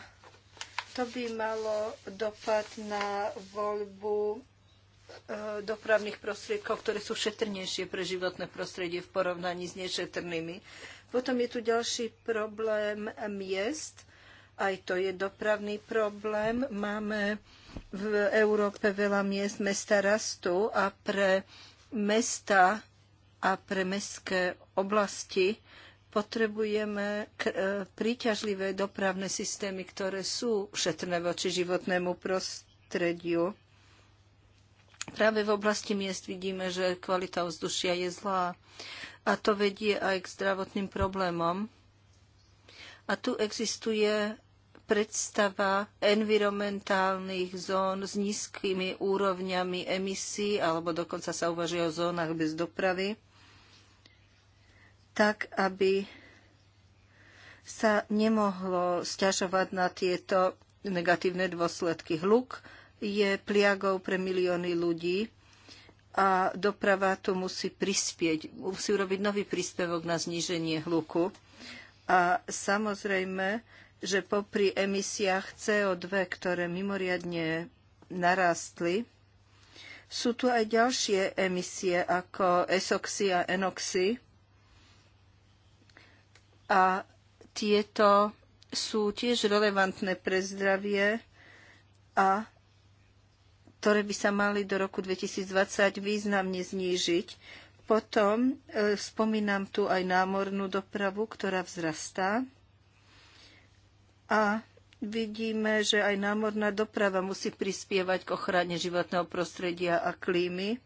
S1: to by malo dopad na voľbu Eh, dopravných prostriedkov, ktoré sú šetrnejšie pre životné prostredie v porovnaní s nešetrnými. Potom je tu ďalší problém miest. Aj to je dopravný problém. Máme v Európe veľa miest, mesta rastú a pre mesta a pre mestské oblasti potrebujeme eh, príťažlivé dopravné systémy, ktoré sú šetrné voči životnému prostrediu Práve v oblasti miest vidíme, že kvalita vzdušia je zlá a to vedie aj k zdravotným problémom. A tu existuje predstava environmentálnych zón s nízkymi úrovňami emisí, alebo dokonca sa uvažuje o zónach bez dopravy, tak aby sa nemohlo sťažovať na tieto negatívne dôsledky hluk, je pliagou pre milióny ľudí a doprava tu musí prispieť, musí urobiť nový príspevok na zníženie hluku. A samozrejme, že popri emisiách CO2, ktoré mimoriadne narastli, sú tu aj ďalšie emisie ako esoxy a enoxy. A tieto sú tiež relevantné pre zdravie a ktoré by sa mali do roku 2020 významne znížiť. Potom e, spomínam tu aj námornú dopravu, ktorá vzrastá. A vidíme, že aj námorná doprava musí prispievať k ochrane životného prostredia a klímy.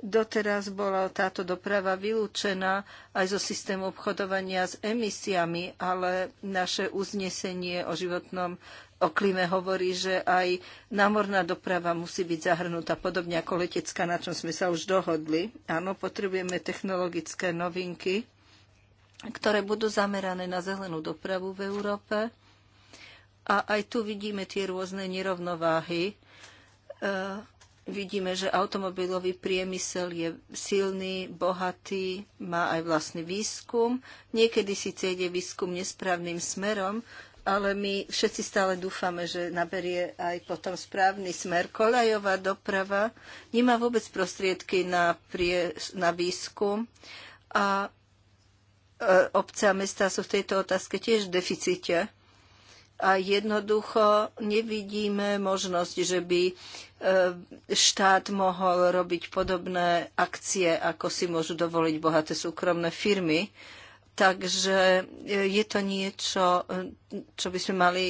S1: Doteraz bola táto doprava vylúčená aj zo systému obchodovania s emisiami, ale naše uznesenie o životnom o klíme hovorí, že aj námorná doprava musí byť zahrnutá, podobne ako letecká, na čom sme sa už dohodli. Áno, potrebujeme technologické novinky, ktoré budú zamerané na zelenú dopravu v Európe. A aj tu vidíme tie rôzne nerovnováhy. E, vidíme, že automobilový priemysel je silný, bohatý, má aj vlastný výskum. Niekedy síce ide výskum nesprávnym smerom, ale my všetci stále dúfame, že naberie aj potom správny smer. Kolajová doprava nemá vôbec prostriedky na, prie, na výskum a e, obce a mesta sú v tejto otázke tiež v deficite. A jednoducho nevidíme možnosť, že by e, štát mohol robiť podobné akcie, ako si môžu dovoliť bohaté súkromné firmy. Takže e, je to niečo, e, čo by sme mali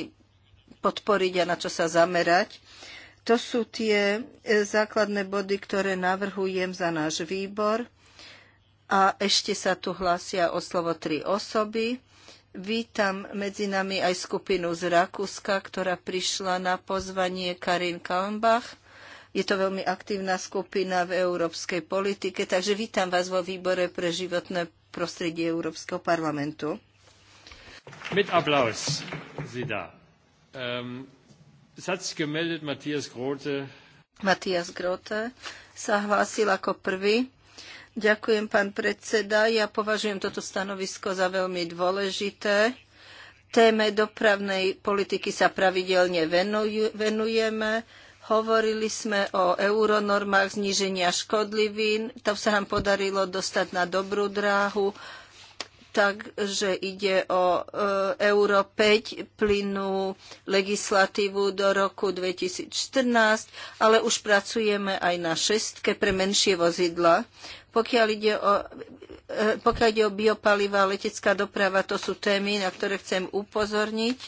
S1: podporiť a na čo sa zamerať. To sú tie e, základné body, ktoré navrhujem za náš výbor. A ešte sa tu hlásia o slovo tri osoby. Vítam medzi nami aj skupinu z Rakúska, ktorá prišla na pozvanie Karin Kalmbach. Je to veľmi aktívna skupina v európskej politike, takže vítam vás vo výbore pre životné prostredí Európskeho parlamentu.
S3: Mit Applaus, Sie da. Ähm, Satz gemeldet Matthias Grote.
S1: Matthias Grote sa hlásil ako prvý. Ďakujem, pán predseda. Ja považujem toto stanovisko za veľmi dôležité. Téme dopravnej politiky sa pravidelne venujeme. Hovorili sme o euronormách zníženia škodlivín. To sa nám podarilo dostať na dobrú dráhu. Takže ide o e, Euro 5 plynnú legislatívu do roku 2014, ale už pracujeme aj na šestke pre menšie vozidla. Pokiaľ ide o, e, pokiaľ ide o biopaliva a letecká doprava, to sú témy, na ktoré chcem upozorniť,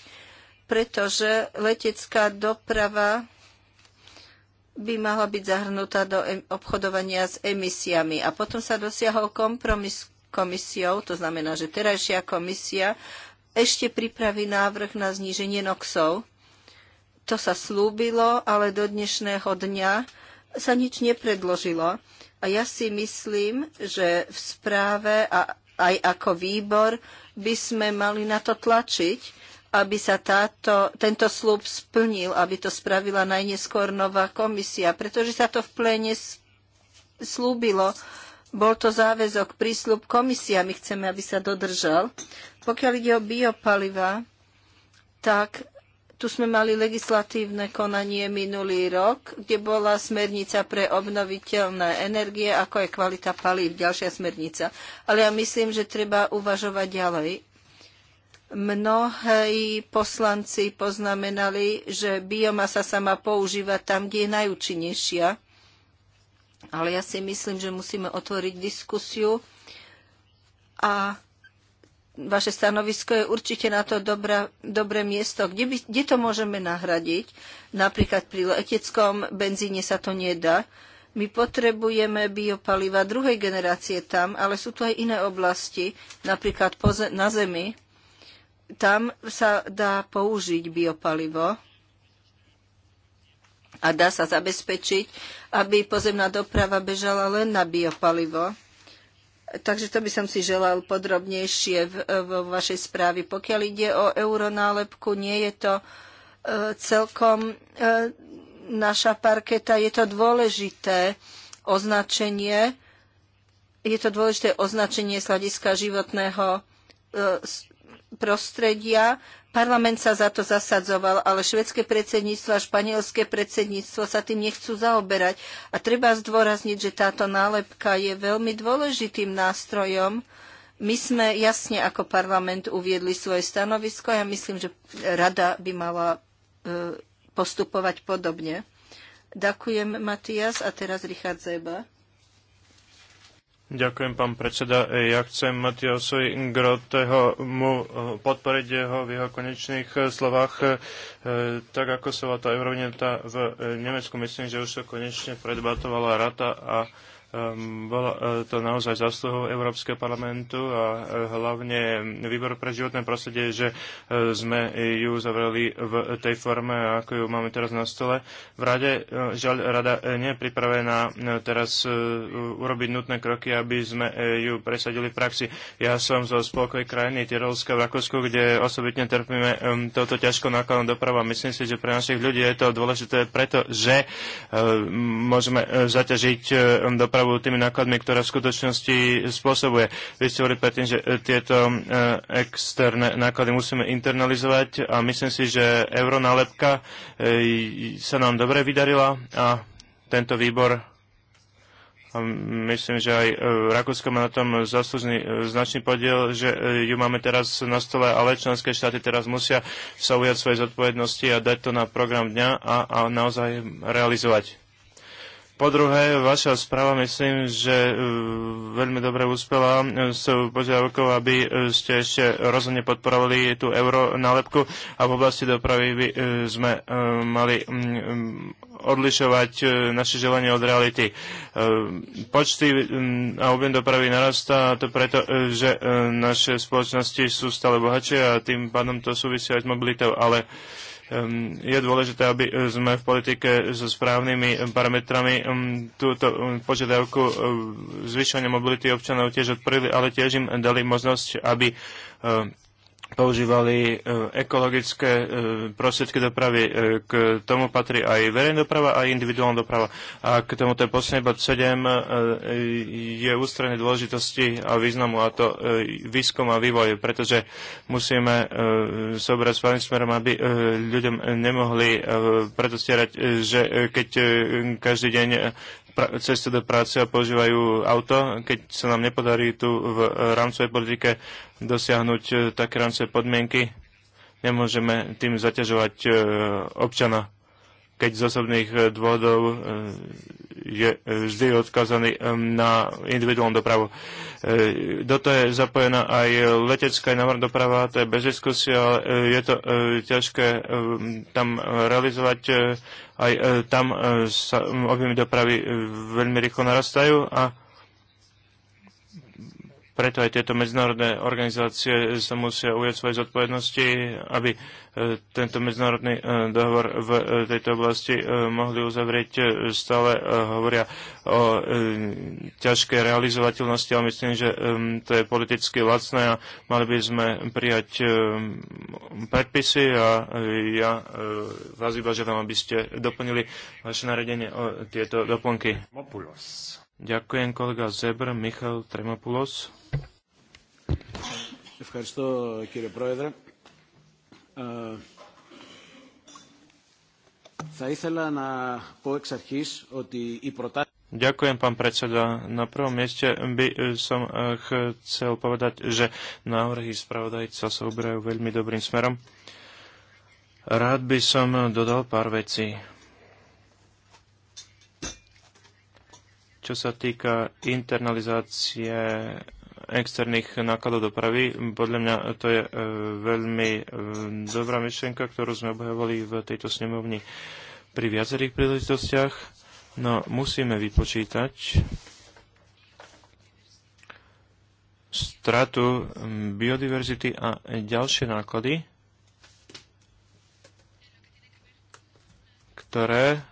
S1: pretože letecká doprava by mala byť zahrnutá do obchodovania s emisiami. A potom sa dosiahol kompromis s komisiou, to znamená, že terajšia komisia ešte pripraví návrh na zníženie NOXov. To sa slúbilo, ale do dnešného dňa sa nič nepredložilo. A ja si myslím, že v správe a aj ako výbor by sme mali na to tlačiť, aby sa táto, tento slúb splnil, aby to spravila najneskôr nová komisia, pretože sa to v pléne slúbilo. Bol to záväzok, prísľub komisia, my chceme, aby sa dodržal. Pokiaľ ide o biopaliva, tak tu sme mali legislatívne konanie minulý rok, kde bola smernica pre obnoviteľné energie, ako je kvalita palív, ďalšia smernica. Ale ja myslím, že treba uvažovať ďalej Mnohí poslanci poznamenali, že biomasa sa má používať tam, kde je najúčinnejšia. Ale ja si myslím, že musíme otvoriť diskusiu a vaše stanovisko je určite na to dobrá, dobré miesto. Kde, by, kde to môžeme nahradiť? Napríklad pri leteckom benzíne sa to nedá. My potrebujeme biopaliva druhej generácie tam, ale sú tu aj iné oblasti, napríklad na Zemi, tam sa dá použiť biopalivo a dá sa zabezpečiť, aby pozemná doprava bežala len na biopalivo. Takže to by som si želal podrobnejšie vo vašej správe. Pokiaľ ide o euronálepku, nie je to e, celkom e, naša parketa. Je to dôležité označenie. Je to dôležité označenie z hľadiska životného e, prostredia. Parlament sa za to zasadzoval, ale švedské predsedníctvo a španielské predsedníctvo sa tým nechcú zaoberať. A treba zdôrazniť, že táto nálepka je veľmi dôležitým nástrojom. My sme jasne ako parlament uviedli svoje stanovisko a ja myslím, že rada by mala e, postupovať podobne. Ďakujem, Matias. A teraz Richard Zeba.
S3: Ďakujem, pán predseda. Ja chcem Matiasovi Groteho mu eh, podporiť jeho v jeho konečných eh, slovách. Eh, tak ako sa tá eurovineta v Nemecku, myslím, že už sa konečne predbatovala rata a Ehm, bolo e, to naozaj zásluhou Európskeho parlamentu a e, hlavne výbor pre životné prostredie, že e, sme ju zavreli v tej forme, ako ju máme teraz na stole. V rade, žiaľ, rada nie je pripravená teraz urobiť nutné kroky, aby sme ju presadili v praxi. Ja som zo spolkovej krajiny Tyrolska v Rakúsku, kde osobitne trpíme toto ťažko nákladnú dopravu a Myslím si, že pre našich ľudí je to dôležité, pretože môžeme zaťažiť dopravu dopravu tými nákladmi, ktorá v skutočnosti spôsobuje. Vy ste hovorili predtým, že e, tieto e, externé náklady musíme internalizovať a myslím si, že euronálepka e, sa nám dobre vydarila a tento výbor a myslím, že aj Rakúsko má na tom zaslužný značný podiel, že ju máme teraz na stole, ale členské štáty teraz musia sa ujať svoje zodpovednosti a dať to na program dňa a, a naozaj realizovať. Po druhé, vaša správa myslím, že e, veľmi dobre uspela e, s požiadavkou, aby e, ste ešte rozhodne podporovali tú euro nálepku a v oblasti dopravy by sme mali odlišovať naše želanie od reality. Počty a objem dopravy narastá a to preto, že naše spoločnosti sú stále bohatšie a tým pádom to súvisia aj s mobilitou, ale Ehm, je dôležité, aby e, sme v politike so správnymi e, parametrami ehm, túto e, požiadavku zvyšovania mobility občanov tiež odprili, ale tiež im dali možnosť, aby používali e, ekologické e, prostriedky dopravy. E, k tomu patrí aj verejná doprava, aj individuálna doprava. A k tomu ten posledný bod 7 je ústrednej dôležitosti a významu, a to výskum a vývoj, pretože musíme sobrať obrať smerom, aby ľuďom nemohli predostierať, že keď každý deň ceste teda do práce a používajú auto. Keď sa nám nepodarí tu v rámcovej politike dosiahnuť eh, také rámcové podmienky, nemôžeme tým zaťažovať eh, občana keď z osobných e, dôvodov e, je e, vždy odkazaný na individuálnu dopravu. Do toho je zapojená aj letecká aj návrh doprava, to je bez diskusie, ale je to ťažké tam realizovať. Aj tam sa objemy dopravy veľmi rýchlo narastajú a preto aj tieto medzinárodné organizácie sa musia ujať svoje zodpovednosti, aby e, tento medzinárodný e, dohovor v e, tejto oblasti mohli uzavrieť. Stále hovoria o ťažkej realizovateľnosti, ale myslím, že to je politicky lacné a mali by sme prijať predpisy a ja vás iba želám, aby ste doplnili vaše naredenie o tieto doplnky. Mopulos. Ďakujem kolega Zebr, Michal Tremopulos.
S1: Ευχαριστώ κύριε Πρόεδρε. Ε, θα ήθελα να πω εξ αρχής
S3: ότι Ďakujem, pán predseda. Na prvom mieste by e, som e, chcel povedať, že návrhy spravodajca sa uberajú veľmi dobrým smerom. Rád by som dodal pár vecí. Čo sa týka internalizácie externých nákladov dopravy. Podľa mňa to je e, veľmi e, dobrá myšlienka, ktorú sme obhajovali v tejto snemovni pri viacerých príležitostiach. No, musíme vypočítať stratu biodiverzity a ďalšie náklady, ktoré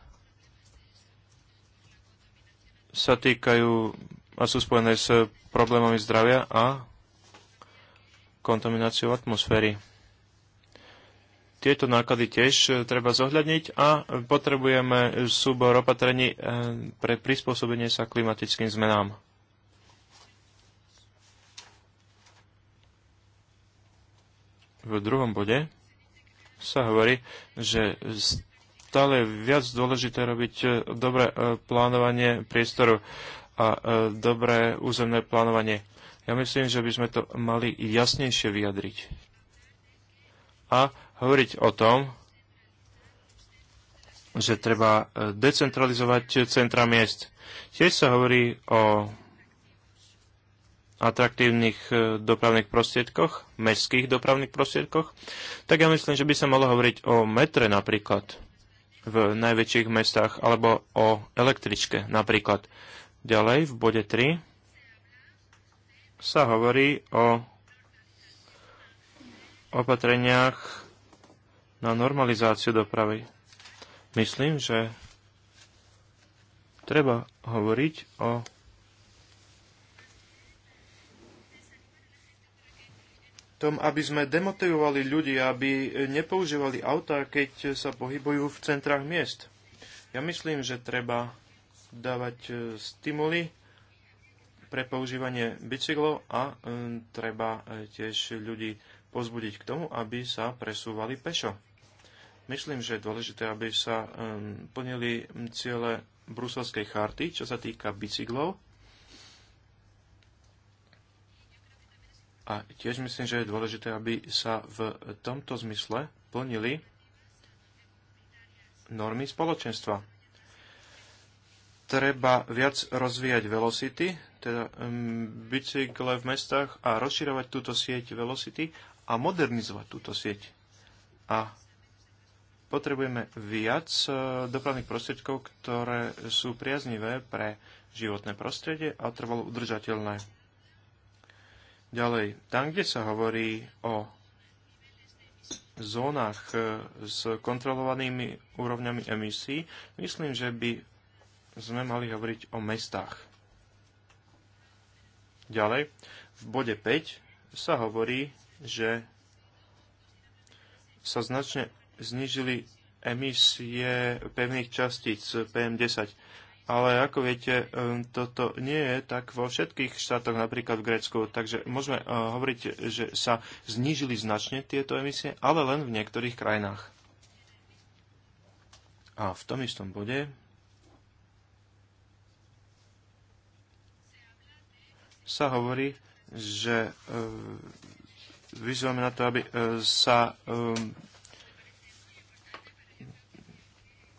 S3: sa týkajú a sú spojené s problémami zdravia a kontamináciou atmosféry. Tieto náklady tiež e, treba zohľadniť a potrebujeme súbor opatrení e, pre prispôsobenie sa klimatickým zmenám. V druhom bode sa hovorí, že stále viac dôležité robiť e, dobré e, plánovanie priestoru a e, dobré územné plánovanie. Ja myslím, že by sme to mali jasnejšie vyjadriť. A hovoriť o tom, že treba decentralizovať centra miest. Tiež sa hovorí o atraktívnych dopravných prostriedkoch, mestských dopravných prostriedkoch, tak ja myslím, že by sa malo hovoriť o metre napríklad v najväčších mestách, alebo o električke napríklad. Ďalej v bode 3 sa hovorí o opatreniach na normalizáciu dopravy. Myslím, že treba hovoriť o tom, aby sme demotivovali ľudí, aby nepoužívali autá, keď sa pohybujú v centrách miest. Ja myslím, že treba dávať e, stimuly pre používanie bicyklov a e, treba e, tiež ľudí pozbudiť k tomu, aby sa presúvali pešo. Myslím, že je dôležité, aby sa plnili ciele bruselskej charty, čo sa týka bicyklov A tiež myslím, že je dôležité, aby sa v tomto zmysle plnili normy spoločenstva. Treba viac rozvíjať velocity, teda mm, bicykle v mestách a rozširovať túto sieť velocity a modernizovať túto sieť. A potrebujeme viac e, dopravných prostriedkov, ktoré sú priaznivé pre životné prostredie a trvalo udržateľné. Ďalej, tam, kde sa hovorí o zónach e, s kontrolovanými úrovňami emisí, myslím, že by sme mali hovoriť o mestách. Ďalej, v bode 5 sa hovorí, že sa značne znížili emisie pevných častíc PM10 ale ako viete, e, toto nie je tak vo všetkých štátoch, napríklad v Grécku. Takže môžeme e, hovoriť, že sa znížili značne tieto emisie, ale len v niektorých krajinách. A v tom istom bode sa hovorí, že e, vyzývame na to, aby sa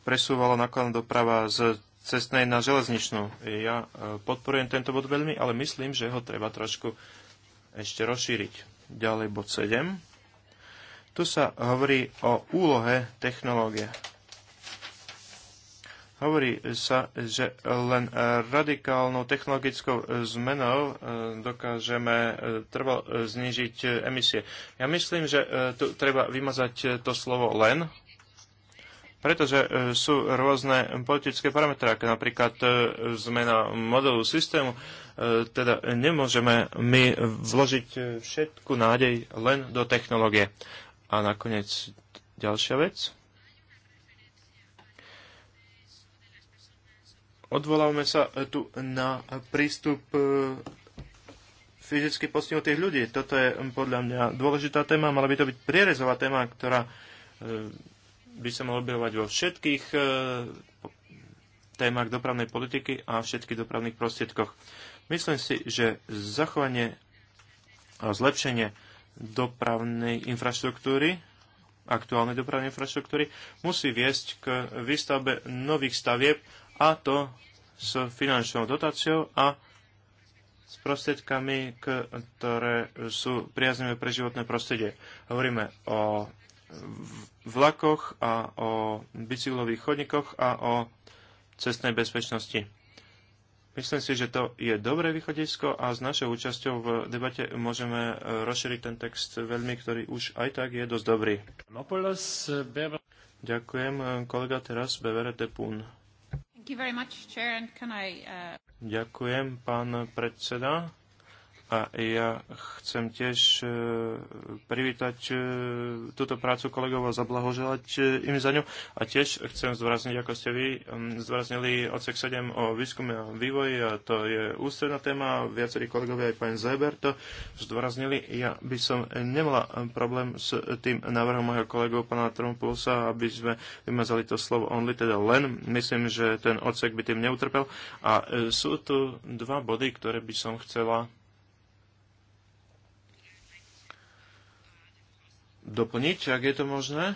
S3: presúvala nákladná doprava z cestnej na železničnú. Ja e, podporujem tento bod veľmi, ale myslím, že ho treba trošku ešte rozšíriť. Ďalej bod 7. Tu sa hovorí o úlohe technológie. Hovorí sa, že len radikálnou technologickou zmenou e, dokážeme e, trvalo znižiť emisie. Ja myslím, že tu treba vymazať to slovo len, pretože e, sú rôzne politické parametre, ako napríklad e, zmena modelu systému. E, teda nemôžeme my vložiť všetku nádej len do technológie. A nakoniec ďalšia vec. Odvolávame sa tu na prístup fyzicky postihnutých ľudí. Toto je podľa mňa dôležitá téma, mala by to byť prierezová téma, ktorá by sa mal objavovať vo všetkých e, témach dopravnej politiky a všetkých dopravných prostriedkoch. Myslím si, že zachovanie a zlepšenie dopravnej infraštruktúry, aktuálnej dopravnej infraštruktúry, musí viesť k výstavbe nových stavieb a to s finančnou dotáciou a s prostriedkami, ktoré sú priaznivé pre životné prostredie. Hovoríme o vlakoch a o bicyklových chodníkoch a o cestnej bezpečnosti. Myslím si, že to je dobré východisko a s našou účasťou v debate môžeme e, rozšíriť ten text veľmi, ktorý už aj tak je dosť dobrý. E, Ďakujem, e, kolega teraz Bevere Depun. Much, Chair, I, uh... Ďakujem, pán predseda. A ja chcem tiež e, privítať e, túto prácu kolegov a zablahoželať e, im za ňu. A tiež chcem zdôrazniť, ako ste vy zdôraznili odsek 7 o výskume a vývoji. A to je ústredná téma. Viacerí kolegovia aj pán Zeber to zdôraznili. Ja by som nemala problém s tým návrhom mojho kolegov pána Trumpulsa, aby sme vymazali to slovo only, teda len. Myslím, že ten odsek by tým neutrpel. A sú tu dva body, ktoré by som chcela doplniť, ak je to možné,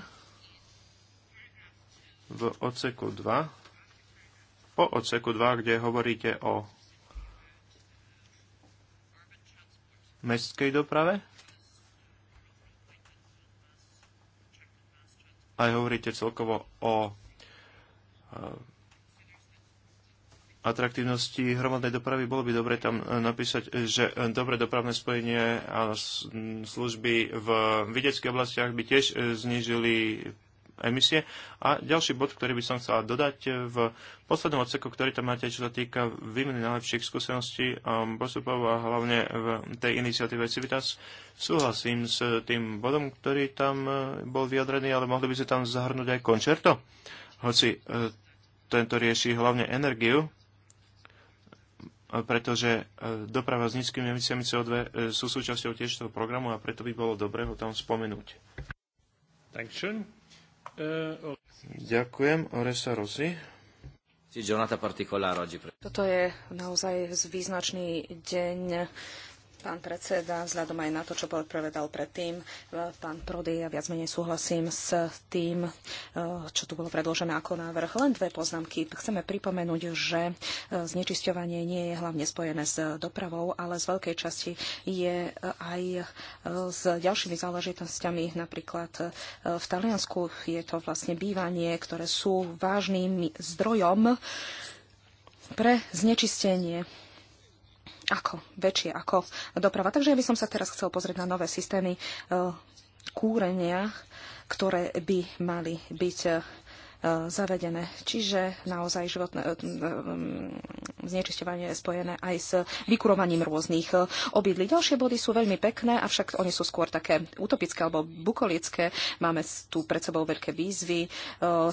S3: v oceku 2, po oceku 2, kde hovoríte o mestskej doprave, aj hovoríte celkovo o atraktívnosti hromadnej dopravy, bolo by dobre tam eh, napísať, že eh, dobre dopravné spojenie a mm, služby v videckých oblastiach by tiež eh, znížili emisie. A ďalší bod, ktorý by som chcela dodať v poslednom odseku, ktorý tam máte, čo sa týka výmeny najlepších skúseností a postupov a hlavne v tej iniciatíve Civitas, súhlasím s tým bodom, ktorý tam bol vyjadrený, ale mohli by sa tam zahrnúť aj končerto. Hoci tento rieši hlavne energiu, E, pretože e, doprava s nízkymi emisiami CO2 e, sú súčasťou tiež toho programu a preto by bolo dobré ho tam spomenúť. Ďakujem, Oresa Rossi.
S2: Toto je naozaj význačný deň Pán predseda, vzhľadom aj na to, čo povedal predtým, e, pán Prody, ja viac menej súhlasím s tým, e, čo tu bolo predložené ako návrh. Len dve poznámky. Chceme pripomenúť, že e, znečisťovanie nie je hlavne spojené s dopravou, ale z veľkej časti je aj s ďalšími záležitosťami. Napríklad v Taliansku je to vlastne bývanie, ktoré sú vážnym zdrojom pre znečistenie ako väčšie ako doprava. Takže ja by som sa teraz chcel pozrieť na nové systémy eh, kúrenia, ktoré by mali byť eh, Eh, zavedené. Čiže naozaj životné, eh, eh, znečisťovanie je spojené aj s vykurovaním rôznych obydlí. Ďalšie body sú veľmi pekné, avšak oni sú skôr také utopické alebo bukolické. Máme tu pred sebou veľké výzvy,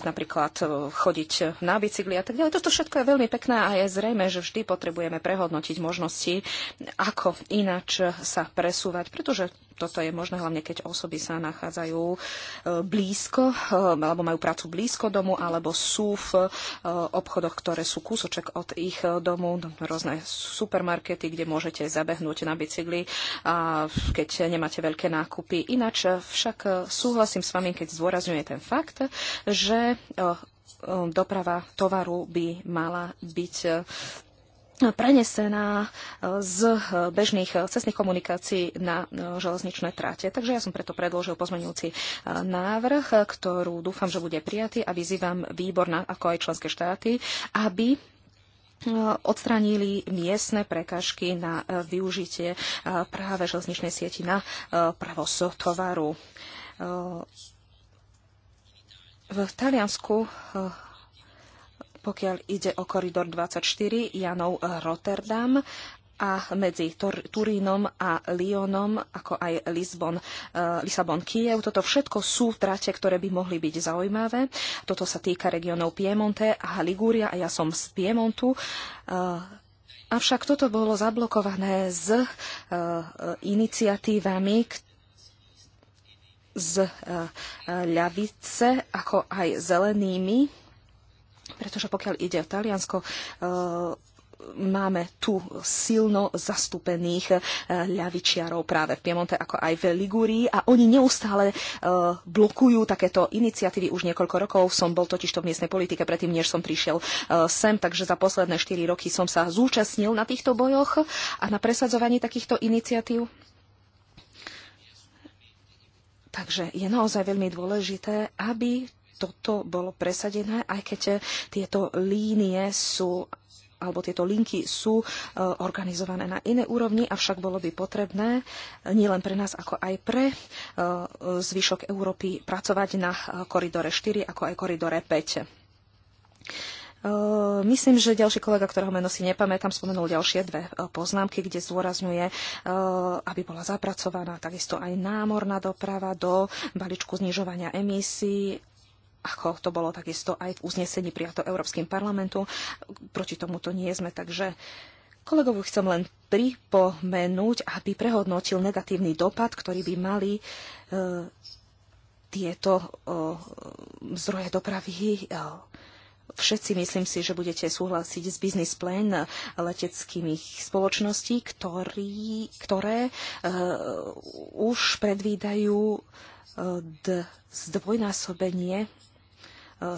S2: napríklad chodiť na bicykli a tak ďalej. Toto všetko je veľmi pekné a je zrejme, že vždy potrebujeme prehodnotiť možnosti, ako ináč sa presúvať, pretože toto je možné hlavne, keď osoby sa nachádzajú e, blízko, e, alebo majú prácu blízko domu, alebo sú v e, obchodoch, ktoré sú kúsoček od ich domu, rôzne supermarkety, kde môžete zabehnúť na bicykli, keď nemáte veľké nákupy. Ináč však súhlasím s vami, keď zdôrazňuje ten fakt, že doprava tovaru by mala byť prenesená e, z e, bežných e, cestných komunikácií na železničné tráte. Takže ja som preto predložil pozmenujúci návrh, ktorú dúfam, že bude prijatý a vyzývam výbor, ako aj členské štáty, aby odstránili miestne prekažky na využitie práve železničnej sieti na prevoz tovaru. V Taliansku pokiaľ ide o koridor 24 Janov Rotterdam a medzi Tor- Turínom a Lyonom, ako aj Lisbon, uh, Lisabon, Kiev. Toto všetko sú trate, ktoré by mohli byť zaujímavé. Toto sa týka regionov Piemonte a Ligúria a ja som z Piemontu. Uh, Avšak toto bolo zablokované s uh, eh, iniciatívami z uh, ľavice, ako aj zelenými pretože pokiaľ ide o Taliansko, e, máme tu silno zastúpených e, ľavičiarov práve v Piemonte, ako aj v Ligúrii a oni neustále e, blokujú takéto iniciatívy už niekoľko rokov. Som bol totižto v miestnej politike predtým, než som prišiel sem, takže za posledné 4 roky som sa zúčastnil na týchto bojoch a na presadzovaní takýchto iniciatív. Takže je naozaj veľmi dôležité, aby toto bolo presadené, aj keď tieto línie sú alebo tieto linky sú e, organizované na iné úrovni, avšak bolo by potrebné e, nielen pre nás, ako aj pre e, zvyšok Európy pracovať na koridore 4, ako aj koridore 5 myslím, že ďalší kolega, ktorého meno si nepamätám, spomenul ďalšie dve poznámky, kde zdôrazňuje, aby bola zapracovaná takisto aj námorná doprava do balíčku znižovania emisí ako to bolo takisto aj v uznesení prijato Európskym parlamentu. Proti tomuto nie sme, takže Kolegovu chcem len pripomenúť, aby prehodnotil negatívny dopad, ktorý by mali e, tieto e, zdroje dopravy. E, všetci myslím si, že budete súhlasiť s business plan leteckými spoločností, ktorý, ktoré e, už predvídajú e, d, zdvojnásobenie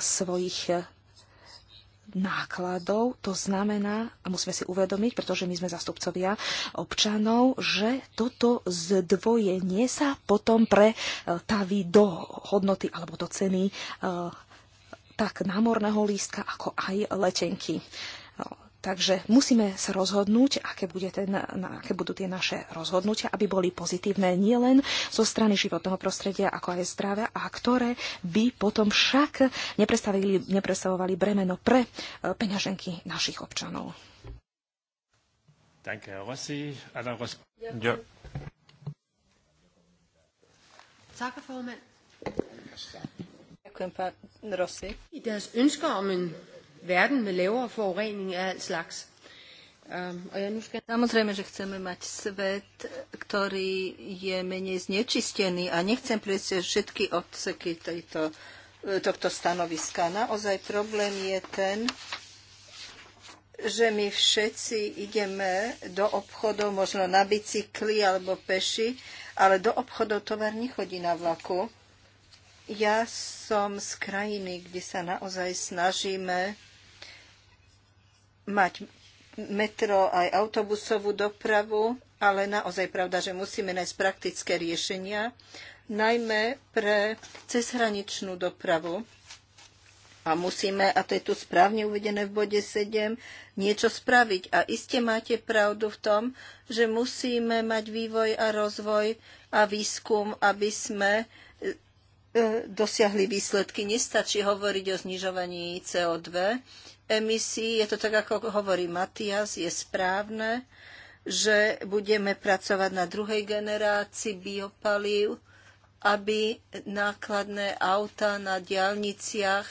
S2: svojich nákladov. To znamená, a musíme si uvedomiť, pretože my sme zastupcovia občanov, že toto zdvojenie sa potom pretaví do hodnoty alebo do ceny eh, tak námorného lístka, ako aj letenky. Takže musíme sa rozhodnúť, aké, bude ten, na, aké budú tie naše rozhodnutia, aby boli pozitívne nielen zo strany životného prostredia, ako aj zdravia, a ktoré by potom však nepredstavovali bremeno pre e, peňaženky
S3: našich občanov. Danke, Rossi. Ja.
S1: Ďakujem, pán Rossi. I deres ønsker verden med lavere forurening af alt slags. Samozrejme, že chceme mať svet, ktorý je menej znečistený a nechcem prejsť všetky odseky tejto, e, tohto stanoviska. Naozaj problém je ten, že my všetci ideme do obchodov možno na bicykli alebo peši, ale do obchodov tovar nechodí na vlaku. Ja som z krajiny, kde sa naozaj snažíme mať metro aj autobusovú dopravu, ale naozaj pravda, že musíme nájsť praktické riešenia, najmä pre cezhraničnú dopravu. A musíme, a to je tu správne uvedené v bode 7, niečo spraviť. A iste máte pravdu v tom, že musíme mať vývoj a rozvoj a výskum, aby sme E, dosiahli výsledky. Nestačí hovoriť o znižovaní CO2 emisí. Je to tak, ako hovorí Matias, je správne, že budeme pracovať na druhej generácii biopalív, aby nákladné auta na diálniciach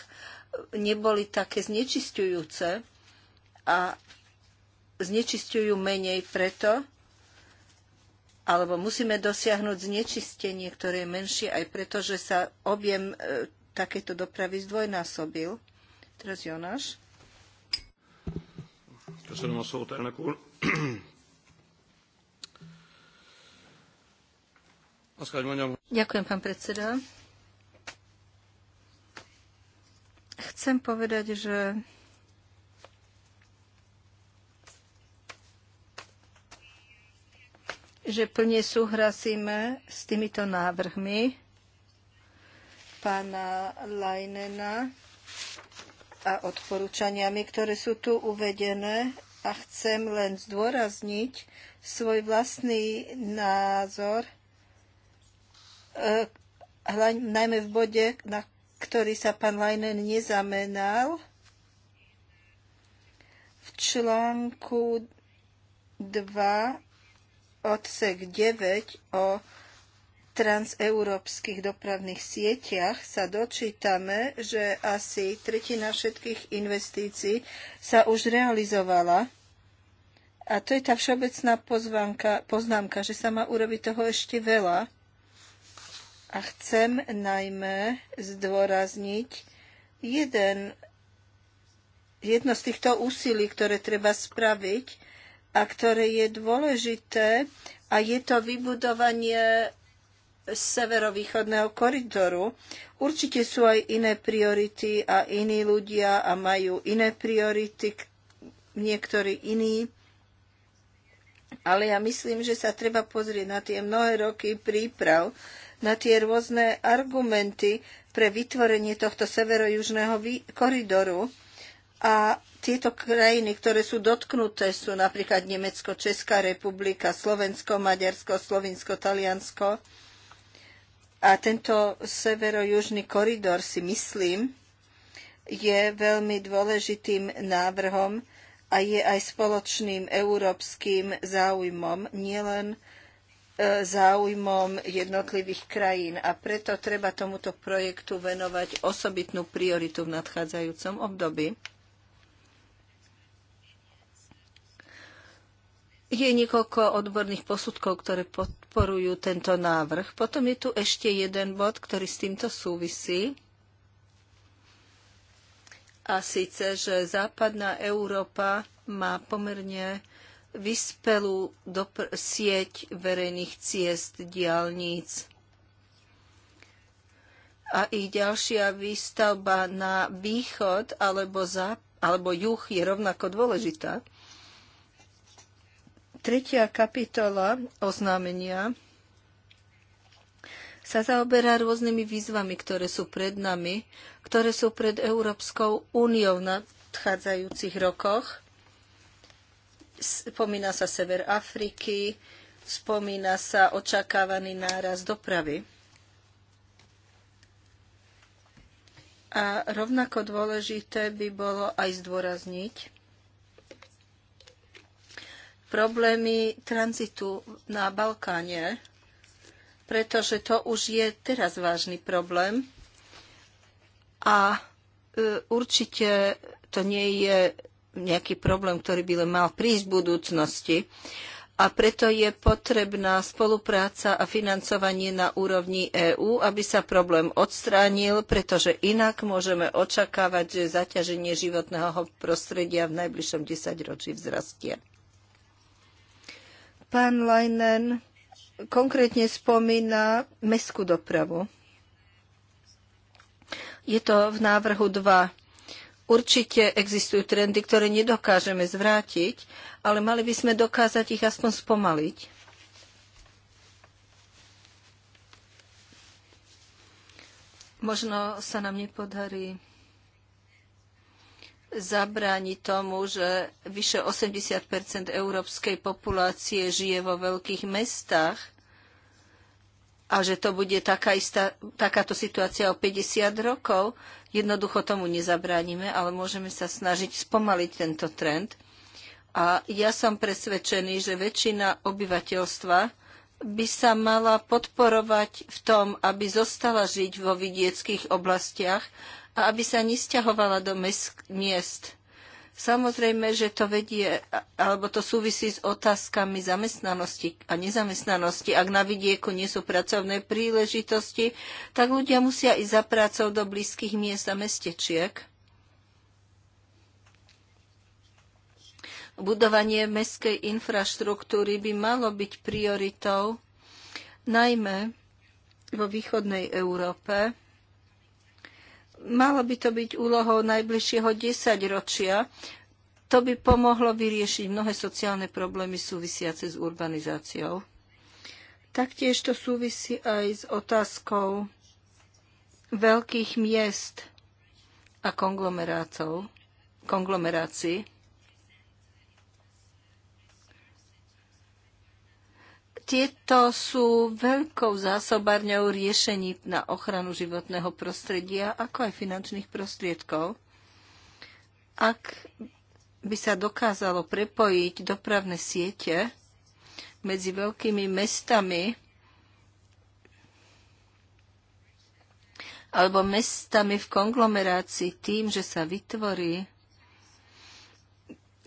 S1: neboli také znečisťujúce a znečisťujú menej preto, alebo musíme dosiahnuť znečistenie, ktoré je menšie aj preto, že sa objem e, takéto dopravy zdvojnásobil. Teraz Jonáš. Ďakujem za szót, Ďakujem, pán predseda. Chcem povedať, že že plne súhlasíme s týmito návrhmi pána Lajnena a odporúčaniami, ktoré sú tu uvedené a chcem len zdôrazniť svoj vlastný názor, eh, najmä v bode, na ktorý sa pán Lajnen nezamenal, v článku 2 odsek 9 o transeurópskych dopravných sieťach sa dočítame, že asi tretina všetkých investícií sa už realizovala. A to je tá všeobecná pozvánka, poznámka, že sa má urobiť toho ešte veľa. A chcem najmä zdôrazniť jeden, jedno z týchto úsilí, ktoré treba spraviť, a ktoré je dôležité a je to vybudovanie severovýchodného koridoru. Určite sú aj iné priority a iní ľudia a majú iné priority, niektorí iní. Ale ja myslím, že sa treba pozrieť na tie mnohé roky príprav, na tie rôzne argumenty pre vytvorenie tohto severo-južného koridoru a tieto krajiny, ktoré sú dotknuté, sú napríklad Nemecko, Česká republika, Slovensko, Maďarsko, Slovinsko, Taliansko. A tento severo-južný koridor si myslím, je veľmi dôležitým návrhom a je aj spoločným európskym záujmom, nielen e, záujmom jednotlivých krajín a preto treba tomuto projektu venovať osobitnú prioritu v nadchádzajúcom období. Je niekoľko odborných posudkov, ktoré podporujú tento návrh. Potom je tu ešte jeden bod, ktorý s týmto súvisí. A síce, že západná Európa má pomerne vyspelú sieť verejných ciest, diálnic. A ich ďalšia výstavba na východ alebo, za, alebo juh je rovnako dôležitá. Tretia kapitola oznámenia sa zaoberá rôznymi výzvami, ktoré sú pred nami, ktoré sú pred Európskou úniou v nadchádzajúcich rokoch. Spomína sa Sever Afriky, spomína sa očakávaný náraz dopravy. A rovnako dôležité by bolo aj zdôrazniť, problémy tranzitu na Balkáne, pretože to už je teraz vážny problém a e, určite to nie je nejaký problém, ktorý by len mal prísť v budúcnosti a preto je potrebná spolupráca a financovanie na úrovni EÚ, aby sa problém odstránil, pretože inak môžeme očakávať, že zaťaženie životného prostredia v najbližšom desaťročí vzrastie. Pán Leinen konkrétne spomína mestskú dopravu. Je to v návrhu 2. Určite existujú trendy, ktoré nedokážeme zvrátiť, ale mali by sme dokázať ich aspoň spomaliť. Možno sa nám nepodarí zabráni tomu, že vyše 80 európskej populácie žije vo veľkých mestách a že to bude taká istá, takáto situácia o 50 rokov. Jednoducho tomu nezabránime, ale môžeme sa snažiť spomaliť tento trend. A ja som presvedčený, že väčšina obyvateľstva by sa mala podporovať v tom, aby zostala žiť vo vidieckých oblastiach, a aby sa nesťahovala do miest. Samozrejme, že to vedie, alebo to súvisí s otázkami zamestnanosti a nezamestnanosti. Ak na vidieku nie sú pracovné príležitosti, tak ľudia musia ísť za prácou do blízkych miest a mestečiek. Budovanie mestskej infraštruktúry by malo byť prioritou, najmä vo východnej Európe, Malo by to byť úlohou najbližšieho desaťročia. To by pomohlo vyriešiť mnohé sociálne problémy súvisiace s urbanizáciou. Taktiež to súvisí aj s otázkou veľkých miest a konglomerácií. tieto sú veľkou zásobárňou riešení na ochranu životného prostredia, ako aj finančných prostriedkov. Ak by sa dokázalo prepojiť dopravné siete medzi veľkými mestami alebo mestami v konglomerácii tým, že sa vytvorí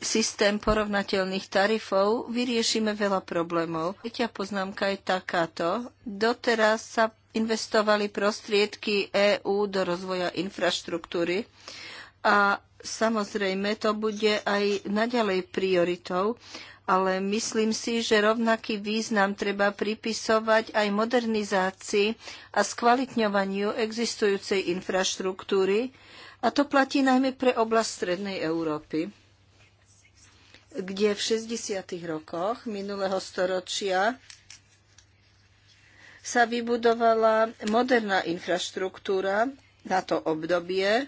S1: systém porovnateľných tarifov, vyriešime veľa problémov. Tretia poznámka je takáto. Doteraz sa investovali prostriedky EÚ do rozvoja infraštruktúry a samozrejme to bude aj naďalej prioritou, ale myslím si, že rovnaký význam treba pripisovať aj modernizácii a skvalitňovaniu existujúcej infraštruktúry, a to platí najmä pre oblasť Strednej Európy kde v 60. rokoch minulého storočia sa vybudovala moderná infraštruktúra na to obdobie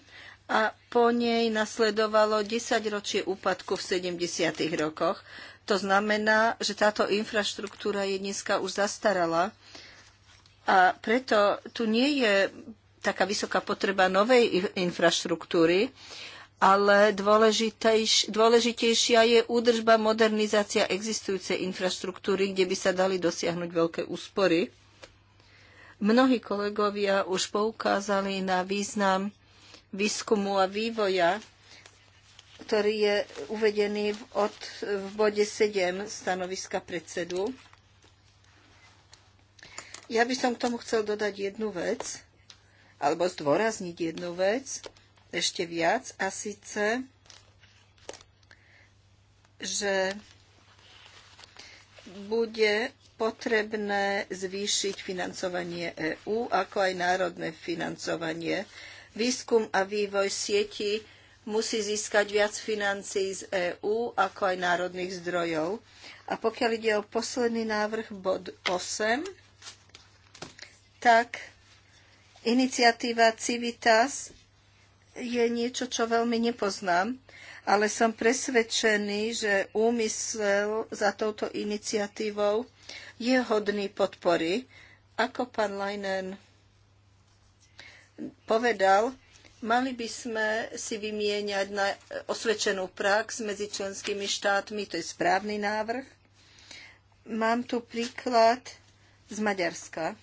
S1: a po nej nasledovalo 10 ročie úpadku v 70. rokoch. To znamená, že táto infraštruktúra je dneska už zastarala a preto tu nie je taká vysoká potreba novej infraštruktúry, ale dôležitejšia je údržba, modernizácia existujúcej infraštruktúry, kde by sa dali dosiahnuť veľké úspory. Mnohí kolegovia už poukázali na význam výskumu a vývoja, ktorý je uvedený v, od, v bode 7 stanoviska predsedu. Ja by som k tomu chcel dodať jednu vec, alebo zdôrazniť jednu vec ešte viac a síce, že bude potrebné zvýšiť financovanie EÚ, ako aj národné financovanie. Výskum a vývoj sieti musí získať viac financí z EÚ, ako aj národných zdrojov. A pokiaľ ide o posledný návrh, bod 8, tak iniciatíva Civitas je niečo, čo veľmi nepoznám, ale som presvedčený, že úmysel za touto iniciatívou je hodný podpory. Ako pán Leinen povedal, mali by sme si vymieňať na osvedčenú prax medzi členskými štátmi, to je správny návrh. Mám tu príklad z Maďarska.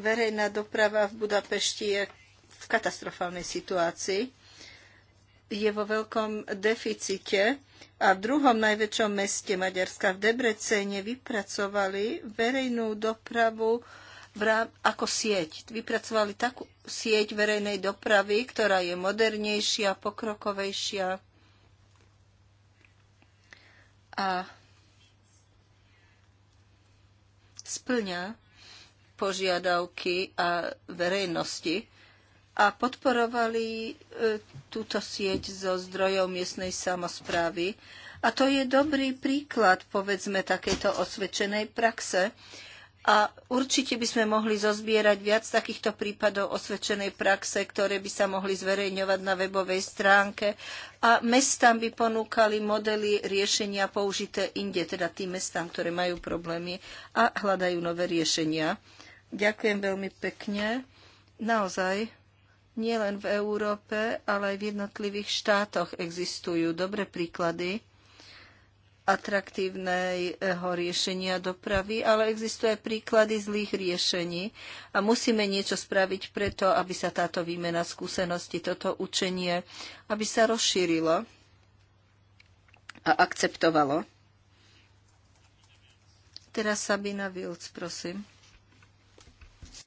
S1: Verejná doprava v Budapešti je katastrofálnej situácii. Je vo veľkom deficite a v druhom najväčšom meste Maďarska v Debrecene vypracovali verejnú dopravu ako sieť. Vypracovali takú sieť verejnej dopravy, ktorá je modernejšia, pokrokovejšia a splňa požiadavky a verejnosti a podporovali e, túto sieť zo zdrojov miestnej samozprávy. A to je dobrý príklad, povedzme, takejto osvedčenej praxe. A určite by sme mohli zozbierať viac takýchto prípadov osvedčenej praxe, ktoré by sa mohli zverejňovať na webovej stránke a mestám by ponúkali modely riešenia použité inde, teda tým mestám, ktoré majú problémy a hľadajú nové riešenia. Ďakujem veľmi pekne. Naozaj nielen v Európe, ale aj v jednotlivých štátoch existujú dobré príklady atraktívneho riešenia dopravy, ale existujú aj príklady zlých riešení a musíme niečo spraviť preto, aby sa táto výmena skúsenosti, toto učenie, aby sa rozšírilo a akceptovalo. Teraz Sabina Vilc, prosím.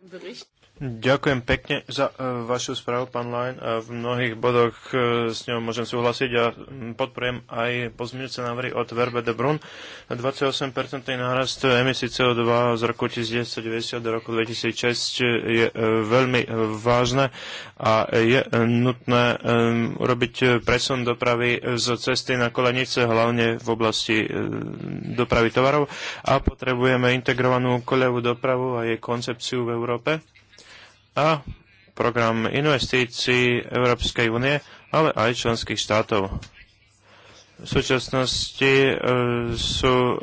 S1: Bericht.
S3: Ďakujem pekne za e, vašu správu, pán Lajn. E, v mnohých bodoch e, s ňou môžem súhlasiť a podporujem aj pozmeňujúce návrhy od Verbe de Brun. 28-percentný nárast emisí CO2 z roku 1990 do roku 2006 je veľmi vážne a je nutné urobiť presun dopravy z cesty na kolenice, hlavne v oblasti dopravy tovarov a potrebujeme integrovanú koľovú dopravu a jej koncepciu v Európe a program investícií Európskej únie, ale aj členských štátov. V súčasnosti e, sú e,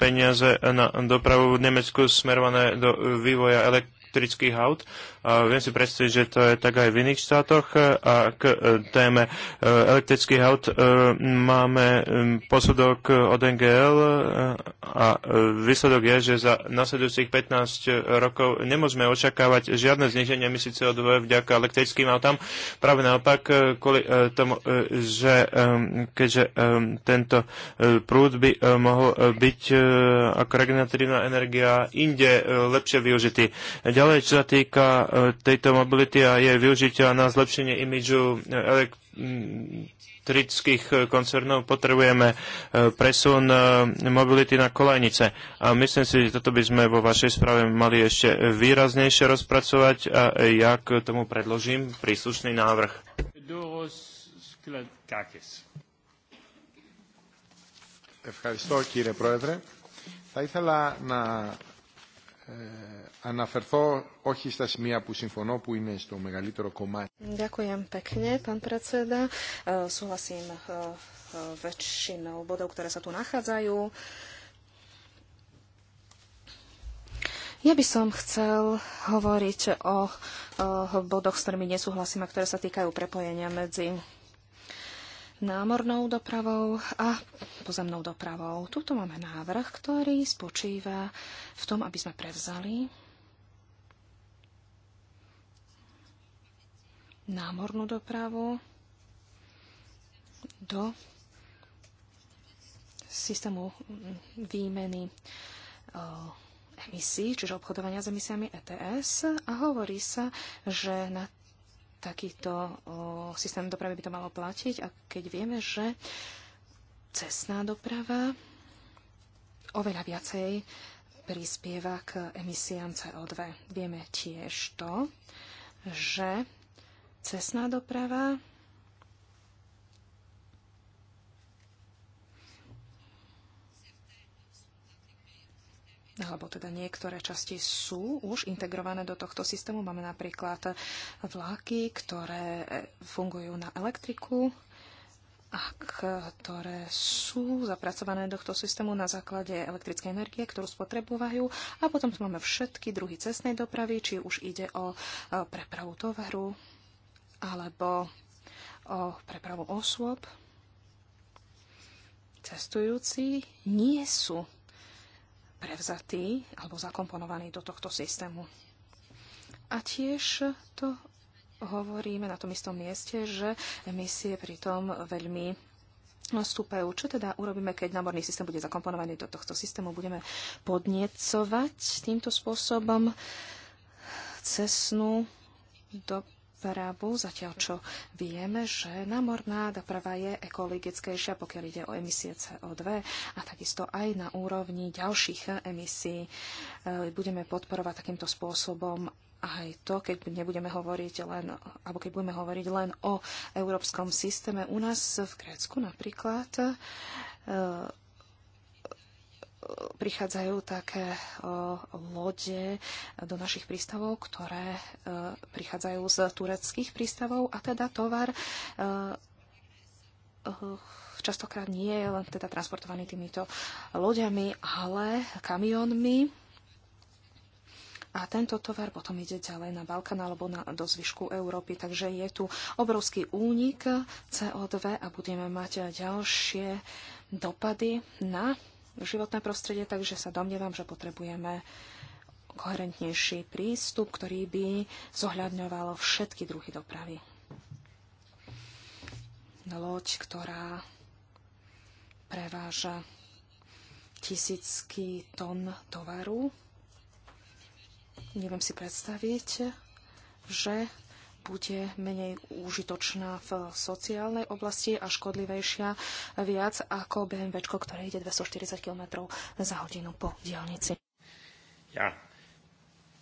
S3: peniaze na dopravu v Nemecku smerované do vývoja elektrických aut Viem si predstaviť, že to je tak aj v iných štátoch a k e, téme e, elektrických aut e, máme posudok od NGL a výsledok je, že za nasledujúcich 15 rokov nemôžeme očakávať žiadne zniženie emisí CO2 vďaka elektrickým autám. Práve naopak, kvôli tomu, že keďže tento prúd by mohol byť ako regeneratívna energia inde lepšie využitý. Ďalej, čo sa týka E, tejto mobility a jej využitia na zlepšenie imidžu e, elektrických e, koncernov potrebujeme presun mobility na kolejnice. A myslím si, že toto by sme vo vašej správe mali ešte výraznejšie rozpracovať a ja k tomu predložím príslušný návrh. Ευχαριστώ κύριε Πρόεδρε. Θα ήθελα να
S2: ε, αναφερθώ όχι στα σημεία που συμφωνώ που είναι στο μεγαλύτερο κομμάτι. Ďakujem pekne, pán predseda. Súhlasím väčšinou bodov, ktoré sa tu nachádzajú. Ja by som chcel hovoriť o, o bodoch, s ktorými nesúhlasím a ktoré sa týkajú prepojenia medzi námornou dopravou a pozemnou dopravou. Tuto máme návrh, ktorý spočíva v tom, aby sme prevzali námornú dopravu do systému výmeny e, emisí, čiže obchodovania s emisiami ETS a hovorí sa, že na takýto systém dopravy by to malo platiť a keď vieme, že cestná doprava oveľa viacej prispieva k emisiám CO2. Vieme tiež to, že cestná doprava. alebo teda niektoré časti sú už integrované do tohto systému. Máme napríklad vláky, ktoré e, fungujú na elektriku a ktoré sú zapracované do tohto systému na základe elektrickej energie, ktorú spotrebujú. A potom tu máme všetky druhy cestnej dopravy, či už ide o e, prepravu tovaru, alebo o prepravu osôb cestujúci nie sú prevzatí alebo zakomponovaní do tohto systému. A tiež to hovoríme na tom istom mieste, že emisie pritom veľmi stúpajú. Čo teda urobíme, keď náborný systém bude zakomponovaný do tohto systému? Budeme podniecovať týmto spôsobom cestnú do dopravu, zatiaľ čo vieme, že námorná doprava je ekologickejšia, pokiaľ ide o emisie CO2 a takisto aj na úrovni ďalších emisí. E, budeme podporovať takýmto spôsobom aj to, keď nebudeme hovoriť len, alebo keď budeme hovoriť len o európskom systéme. U nás v Grécku napríklad e, prichádzajú také e, lode do našich prístavov, ktoré e, prichádzajú z tureckých prístavov a teda tovar e, častokrát nie je len teda transportovaný týmito loďami, ale kamionmi. A tento tovar potom ide ďalej na Balkán alebo na, do zvyšku Európy. Takže je tu obrovský únik CO2 a budeme mať ďalšie dopady na životné prostredie, takže sa domnievam, že potrebujeme koherentnejší prístup, ktorý by zohľadňoval všetky druhy dopravy. Loď, ktorá preváža tisícky tón tovaru. Neviem si predstaviť, že bude menej užitočná v sociálnej oblasti a škodlivejšia viac ako BMW, ktoré ide 240 km za hodinu po diálnici.
S3: Ja,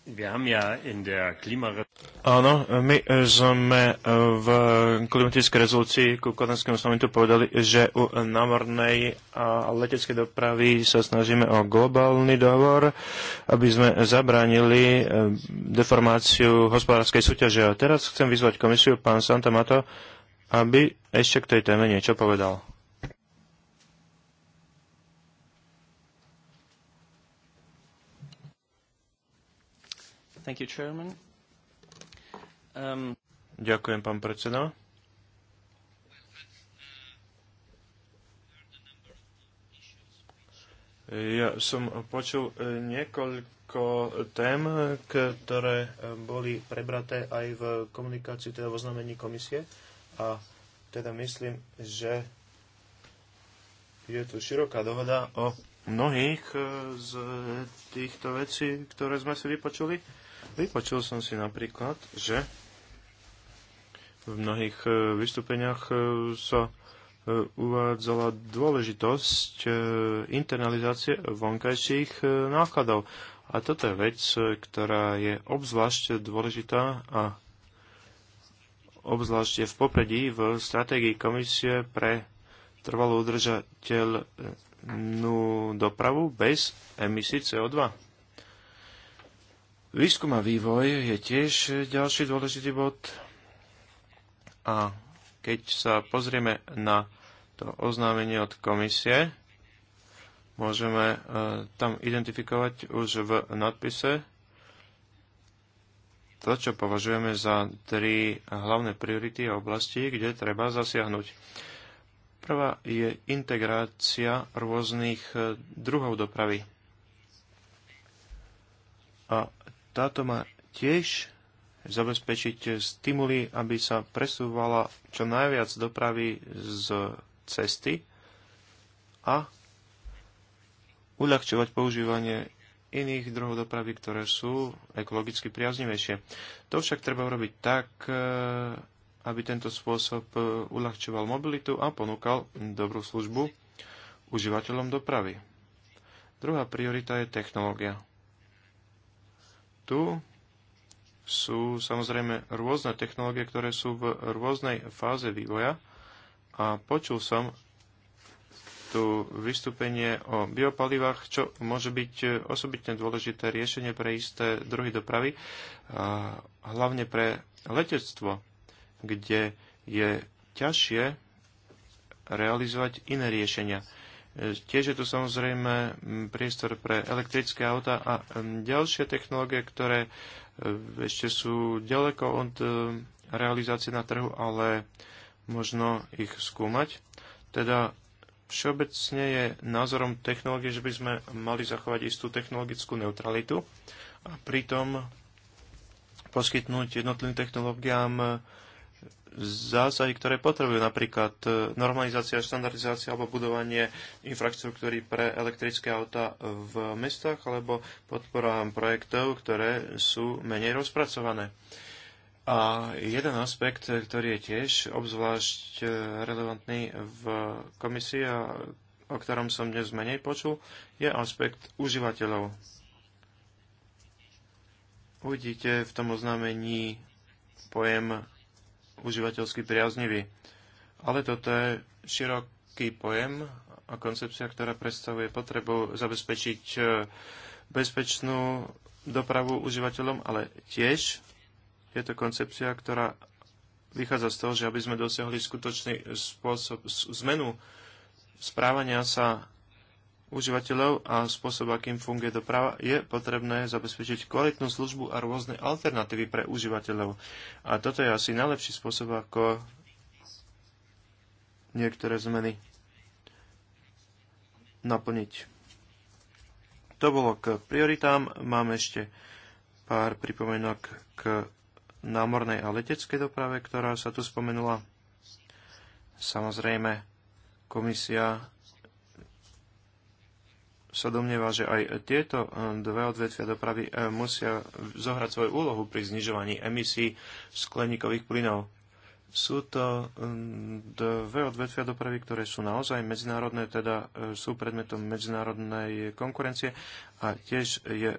S3: wir haben ja in der Klimare Áno, my sme eh, v klimatickej rezolúcii ku Kodanskému samitu povedali, že u námornej a leteckej dopravy sa snažíme o globálny dohovor, aby sme zabránili eh, deformáciu hospodárskej súťaže. A teraz chcem vyzvať komisiu, pán Santa Mato, aby ešte k tej téme niečo povedal. Thank you, Chairman. Um, Ďakujem, pán predseda. Ja som počul e, niekoľko tém, ktoré e, boli prebraté aj v komunikácii, teda v oznámení komisie. A teda myslím, že je tu široká dohoda o mnohých e, z týchto vecí, ktoré sme si vypočuli. Vypočul som si napríklad, že v mnohých e, vystúpeniach e, sa e, uvádzala dôležitosť internalizácie vonkajších nákladov. A toto je vec, ktorá je obzvlášť dôležitá a obzvlášť je v popredí v stratégii komisie pre trvalú udržateľnú dopravu bez emisí CO2. Výskum a vývoj je tiež ďalší dôležitý bod a keď sa pozrieme na to oznámenie od komisie, môžeme e, tam identifikovať už v nadpise to, čo považujeme za tri hlavné priority a oblasti, kde treba zasiahnuť. Prvá je integrácia rôznych e, druhov dopravy. A táto má tiež zabezpečiť stimuly, aby sa presúvala čo najviac dopravy z cesty a uľahčovať používanie iných druhov dopravy, ktoré sú ekologicky priaznivejšie. To však treba urobiť tak, e, aby tento spôsob e, uľahčoval mobilitu a ponúkal dobrú službu užívateľom dopravy. Druhá priorita je technológia. Tu sú samozrejme rôzne technológie, ktoré sú v rôznej fáze vývoja a počul som tu vystúpenie o biopalivách, čo môže byť osobitne dôležité riešenie pre isté druhy dopravy, a hlavne pre letectvo, kde je ťažšie realizovať iné riešenia. Tiež je tu samozrejme priestor pre elektrické auta a ďalšie technológie, ktoré ešte sú ďaleko od e, realizácie na trhu, ale možno ich skúmať. Teda všeobecne je názorom technológie, že by sme mali zachovať istú technologickú neutralitu a pritom poskytnúť jednotlivým technológiám zásahy, ktoré potrebujú, napríklad e, normalizácia, štandardizácia alebo budovanie infraštruktúry pre elektrické auta v mestách alebo podpora projektov, ktoré sú menej rozpracované. A jeden aspekt, ktorý je tiež obzvlášť e, relevantný v komisii a o ktorom som dnes menej počul, je aspekt užívateľov. Uvidíte v tom oznámení pojem užívateľsky priaznivý. Ale toto je široký pojem a koncepcia, ktorá predstavuje potrebu zabezpečiť e, bezpečnú dopravu užívateľom, ale tiež je to koncepcia, ktorá vychádza z toho, že aby sme dosiahli skutočný spôsob zmenu správania sa užívateľov a spôsob, akým funguje doprava, je potrebné zabezpečiť kvalitnú službu a rôzne alternatívy pre užívateľov. A toto je asi najlepší spôsob, ako niektoré zmeny naplniť. To bolo k prioritám. Mám ešte pár pripomienok k námornej a leteckej doprave, ktorá sa tu spomenula. Samozrejme, komisia sa domnieva, že aj tieto e, dve odvetvia dopravy e, musia zohrať svoju úlohu pri znižovaní emisí skleníkových plynov. Sú to e, dve odvetvia dopravy, ktoré sú naozaj medzinárodné, teda sú predmetom medzinárodnej konkurencie a tiež je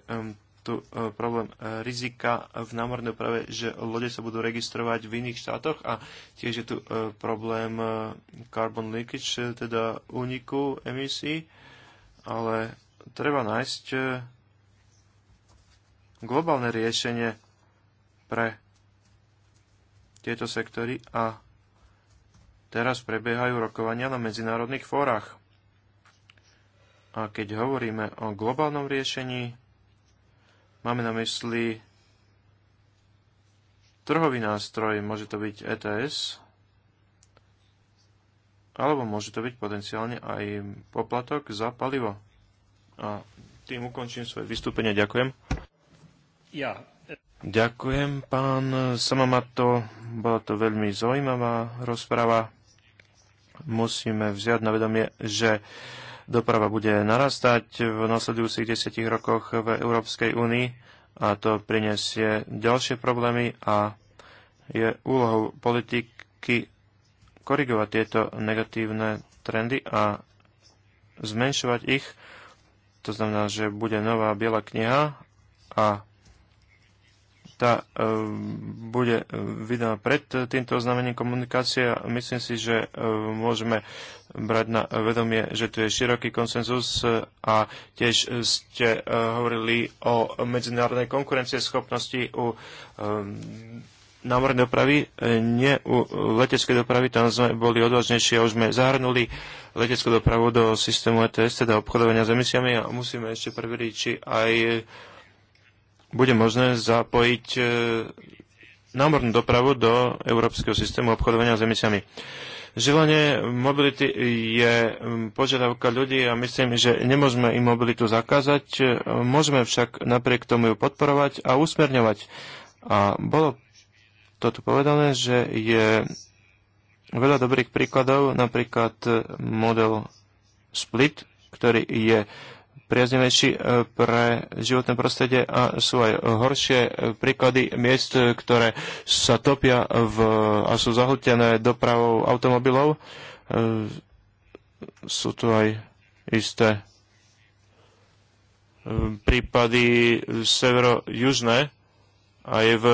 S3: tu problém rizika v námornej doprave, že lode sa budú registrovať v iných štátoch a tiež je tu problém carbon leakage, teda úniku emisí ale treba nájsť e, globálne riešenie pre tieto sektory a teraz prebiehajú rokovania na medzinárodných fórach. A keď hovoríme o globálnom riešení, máme na mysli trhový nástroj, môže to byť ETS, alebo môže to byť potenciálne aj poplatok za palivo. A tým ukončím svoje vystúpenie. Ďakujem. Ja. Ďakujem, pán Samamato. Bola to veľmi zaujímavá rozprava. Musíme vziať na vedomie, že doprava bude narastať v nasledujúcich desiatich rokoch v Európskej únii a to prinesie ďalšie problémy a je úlohou politiky korigovať tieto negatívne trendy a zmenšovať ich. To znamená, že bude nová biela kniha a tá e, bude e, vydaná pred týmto oznámením komunikácie a myslím si, že e, môžeme brať na vedomie, že tu je široký konsenzus e, a tiež ste e, hovorili o medzinárodnej konkurencieschopnosti u e, námornej dopravy, e, nie u leteckej dopravy, tam sme boli odvážnejšie a už sme zahrnuli leteckú dopravu do systému ETS, teda obchodovania s emisiami a musíme ešte preveriť, či aj bude možné zapojiť e, námornú dopravu do európskeho systému obchodovania s emisiami. Želanie mobility je požiadavka ľudí a myslím, že nemôžeme im mobilitu zakázať, e, môžeme však napriek tomu ju podporovať a usmerňovať. A bolo to tu povedané, že je veľa dobrých príkladov, napríklad e, model Split, ktorý je priaznivejší e, pre životné prostredie a sú aj horšie e, príklady miest, ktoré sa topia v, a sú zahltené dopravou automobilov. Sú tu aj isté prípady severo-južné aj v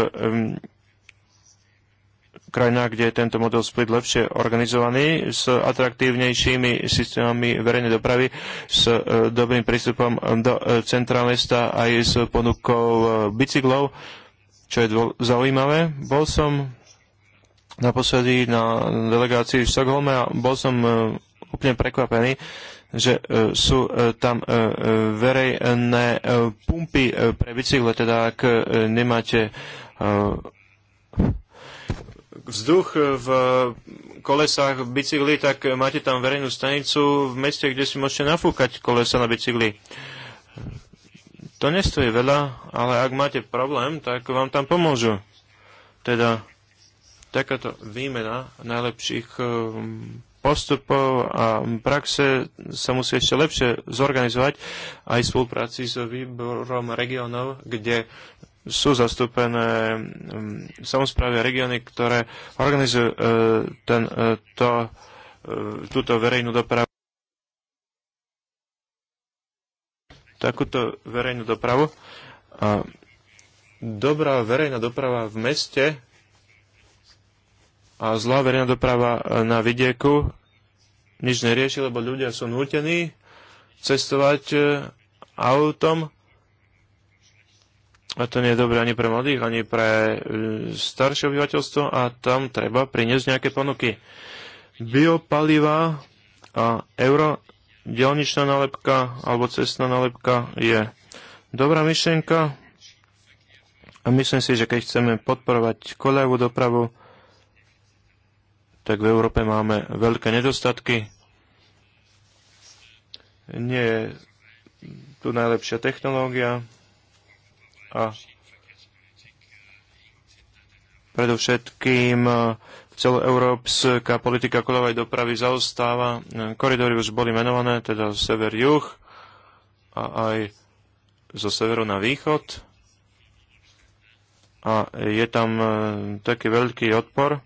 S3: krajinách, kde je tento model split lepšie organizovaný, s atraktívnejšími systémami verejnej dopravy, s e, dobrým prístupom do e, centra mesta aj s ponukou e, bicyklov, čo je zaujímavé. Bol som naposledy na delegácii v Stockholme a bol som úplne prekvapený, že sú tam verejné pumpy pre bicykle, teda ak nemáte vzduch v kolesách v bicykli, tak máte tam verejnú stanicu v meste, kde si môžete nafúkať kolesa na bicykli. To nestojí veľa, ale ak máte problém, tak vám tam pomôžu. Teda takáto výmena najlepších eh, postupov a praxe sa musí ešte lepšie zorganizovať aj v spolupráci s výborom regionov, kde sú zastúpené v mm, samozpráve regióny, ktoré organizujú e, ten, e, to, e, túto verejnú dopravu. Takúto verejnú dopravu. A dobrá verejná doprava v meste a zlá verejná doprava na vidieku nič nerieši, lebo ľudia sú nútení cestovať autom a to nie je dobré ani pre mladých, ani pre e, staršie obyvateľstvo a tam treba priniesť nejaké ponuky. Biopaliva a euro dielničná nálepka alebo cestná nálepka je dobrá myšlienka a myslím si, že keď chceme podporovať kolejovú dopravu, tak v Európe máme veľké nedostatky. Nie je tu najlepšia technológia a predovšetkým e, celoeurópska politika kolovej dopravy zaostáva. E, koridory už boli menované, teda sever-juh a aj zo severu na východ. A je tam e, taký veľký odpor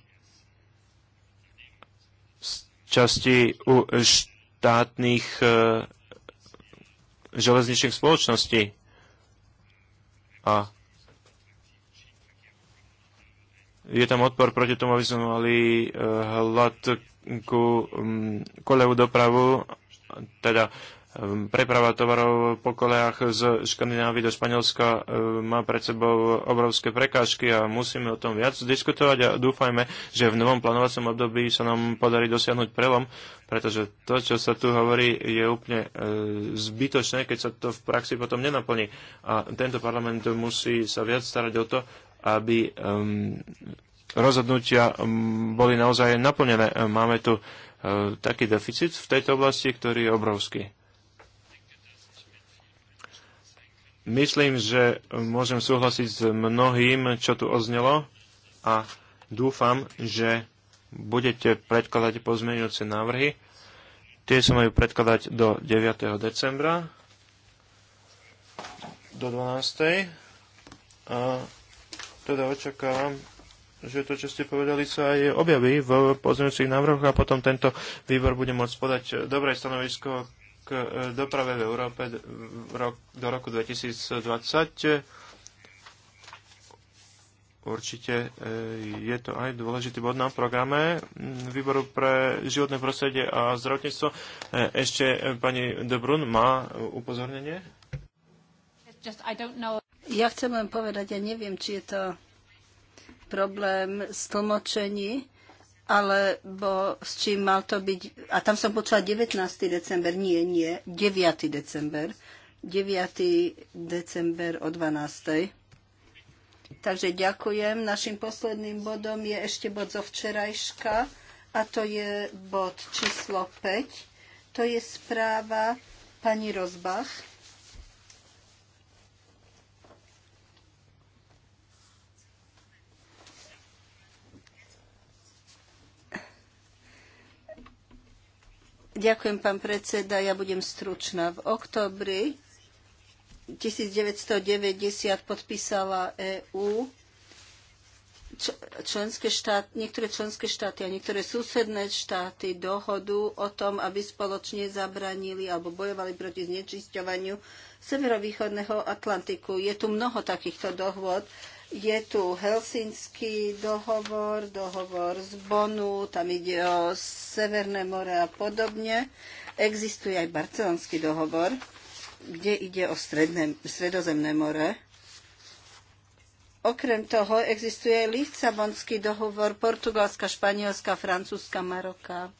S3: z časti u štátnych železničných spoločností a je tam odpor proti tomu, aby sme mali eh, hladkú mm, koľovú dopravu, teda Ehm, preprava tovarov po kolejach z Škandinávy do Španielska ehm, má pred sebou obrovské prekážky a musíme o tom viac diskutovať a dúfajme, že v novom plánovacom období sa nám podarí dosiahnuť prelom, pretože to, čo sa tu hovorí, je úplne ehm, zbytočné, keď sa to v praxi potom nenaplní. A tento parlament musí sa viac starať o to, aby rozhodnutia boli naozaj naplnené. Máme tu taký deficit v tejto oblasti, ktorý je obrovský. Myslím, že môžem súhlasiť s mnohým, čo tu oznelo a dúfam, že budete predkladať pozmeňujúce návrhy. Tie sa majú predkladať do 9. decembra do 12. A teda očakávam, že to, čo ste povedali, sa aj objaví v pozmeňujúcich návrhoch a potom tento výbor bude môcť podať dobré stanovisko k e, doprave v Európe do roku 2020. Určite e, je to aj dôležitý bod na programe Výboru pre životné prostredie a zdravotníctvo. E, ešte pani Dobrun má upozornenie?
S1: Ja chcem len povedať, ja neviem, či je to problém s tlmočení alebo s čím mal to byť, a tam som počula 19. december, nie, nie, 9. december, 9. december o 12. Takže ďakujem. Našim posledným bodom je ešte bod zo včerajška a to je bod číslo 5. To je správa pani Rozbach. Ďakujem, pán predseda. Ja budem stručná. V oktobri 1990 podpísala EÚ členské niektoré členské štáty a niektoré susedné štáty dohodu o tom, aby spoločne zabranili alebo bojovali proti znečisťovaniu severovýchodného Atlantiku. Je tu mnoho takýchto dohôd. Je tu Helsinský dohovor, dohovor z Bonu, tam ide o Severné more a podobne. Existuje aj barcelonský dohovor, kde ide o stredné, Stredozemné more. Okrem toho existuje aj Lisabonský dohovor Portugalska, Španielska, Francúzska, Maroka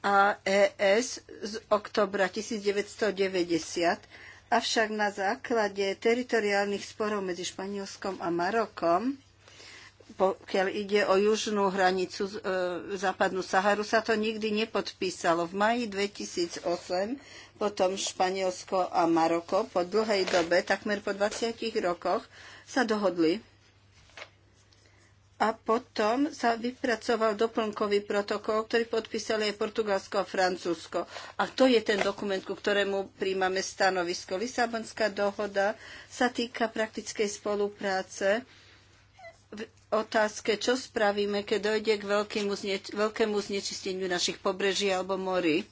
S1: a ES z oktobra 1990 Avšak na základe teritoriálnych sporov medzi Španielskom a Marokom, pokiaľ ide o južnú hranicu e, západnú Saharu, sa to nikdy nepodpísalo. V maji 2008 potom Španielsko a Maroko po dlhej dobe, takmer po 20 rokoch, sa dohodli a potom sa vypracoval doplnkový protokol, ktorý podpísali aj Portugalsko a Francúzsko. A to je ten dokument, ku ktorému príjmame stanovisko. Lisabonská dohoda sa týka praktickej spolupráce v otázke, čo spravíme, keď dojde k veľkému, zneč- veľkému znečisteniu našich pobreží alebo morí.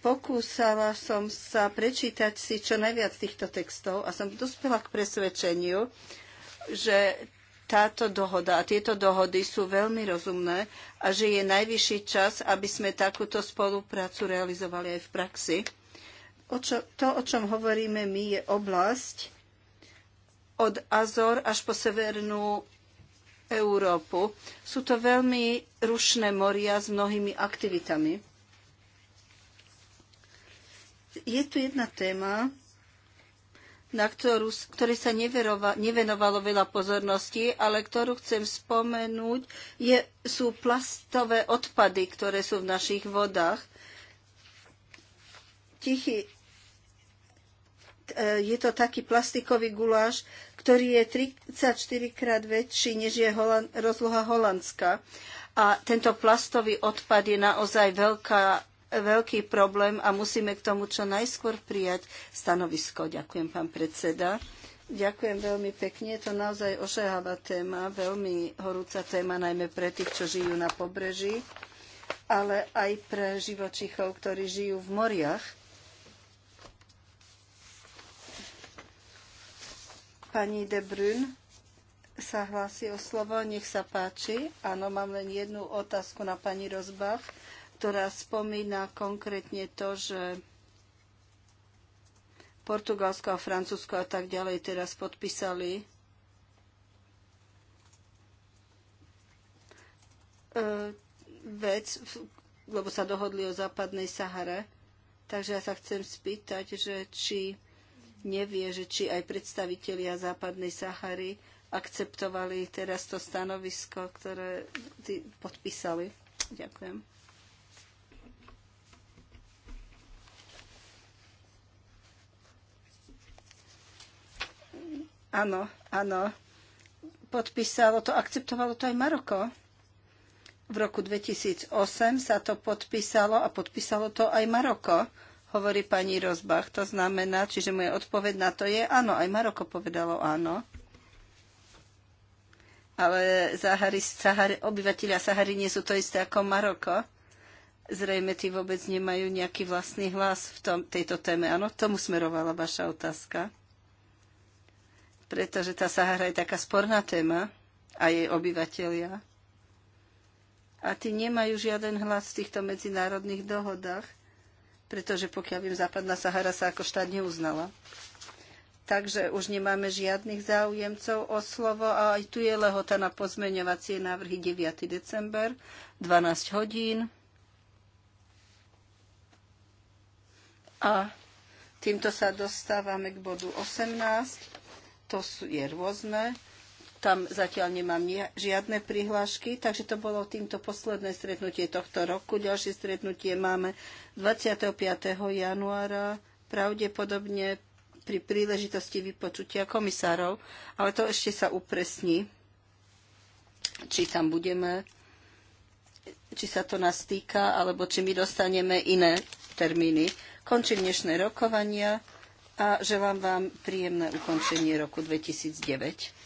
S1: Pokúsala som sa prečítať si čo najviac týchto textov a som dospela k presvedčeniu, že táto dohoda a tieto dohody sú veľmi rozumné a že je najvyšší čas, aby sme takúto spoluprácu realizovali aj v praxi. O čo, to, o čom hovoríme my, je oblasť od Azor až po severnú Európu. Sú to veľmi rušné moria s mnohými aktivitami. Je tu jedna téma, na ktorú, ktoré sa neverova, nevenovalo veľa pozornosti, ale ktorú chcem spomenúť, je, sú plastové odpady, ktoré sú v našich vodách. Tichý, e, je to taký plastikový guláš, ktorý je 34 krát väčší, než je holan, rozloha Holandska. A tento plastový odpad je naozaj veľká veľký problém a musíme k tomu čo najskôr prijať stanovisko. Ďakujem, pán predseda. Ďakujem veľmi pekne. Je to naozaj ošeháva téma, veľmi horúca téma, najmä pre tých, čo žijú na pobreží, ale aj pre živočichov, ktorí žijú v moriach. Pani de Brun sa hlási o slovo, nech sa páči. Áno, mám len jednu otázku na pani Rozbach ktorá spomína konkrétne to, že Portugalsko a Francúzsko a tak ďalej teraz podpísali e, vec, lebo sa dohodli o západnej Sahare. Takže ja sa chcem spýtať, že či nevie, že či aj predstavitelia západnej Sahary akceptovali teraz to stanovisko, ktoré podpísali. Ďakujem. Áno, áno. Podpísalo to, akceptovalo to aj Maroko. V roku 2008 sa to podpísalo a podpísalo to aj Maroko, hovorí pani Rozbach. To znamená, čiže moja odpoveď na to je áno, aj Maroko povedalo áno. Ale Zahari, Sahari, obyvateľia Sahary nie sú to isté ako Maroko. Zrejme tí vôbec nemajú nejaký vlastný hlas v tom, tejto téme. Áno, tomu smerovala vaša otázka pretože tá Sahara je taká sporná téma a jej obyvatelia. A tí nemajú žiaden hlas v týchto medzinárodných dohodách, pretože pokiaľ viem, západná Sahara sa ako štát neuznala. Takže už nemáme žiadnych záujemcov o slovo a aj tu je lehota na pozmeňovacie návrhy 9. december, 12 hodín. A týmto sa dostávame k bodu 18 to sú, je rôzne. Tam zatiaľ nemám žiadne prihlášky, takže to bolo týmto posledné stretnutie tohto roku. Ďalšie stretnutie máme 25. januára, pravdepodobne pri príležitosti vypočutia komisárov, ale to ešte sa upresní, či tam budeme, či sa to nás týka, alebo či my dostaneme iné termíny. Končím dnešné rokovania a želám vám príjemné ukončenie roku 2009.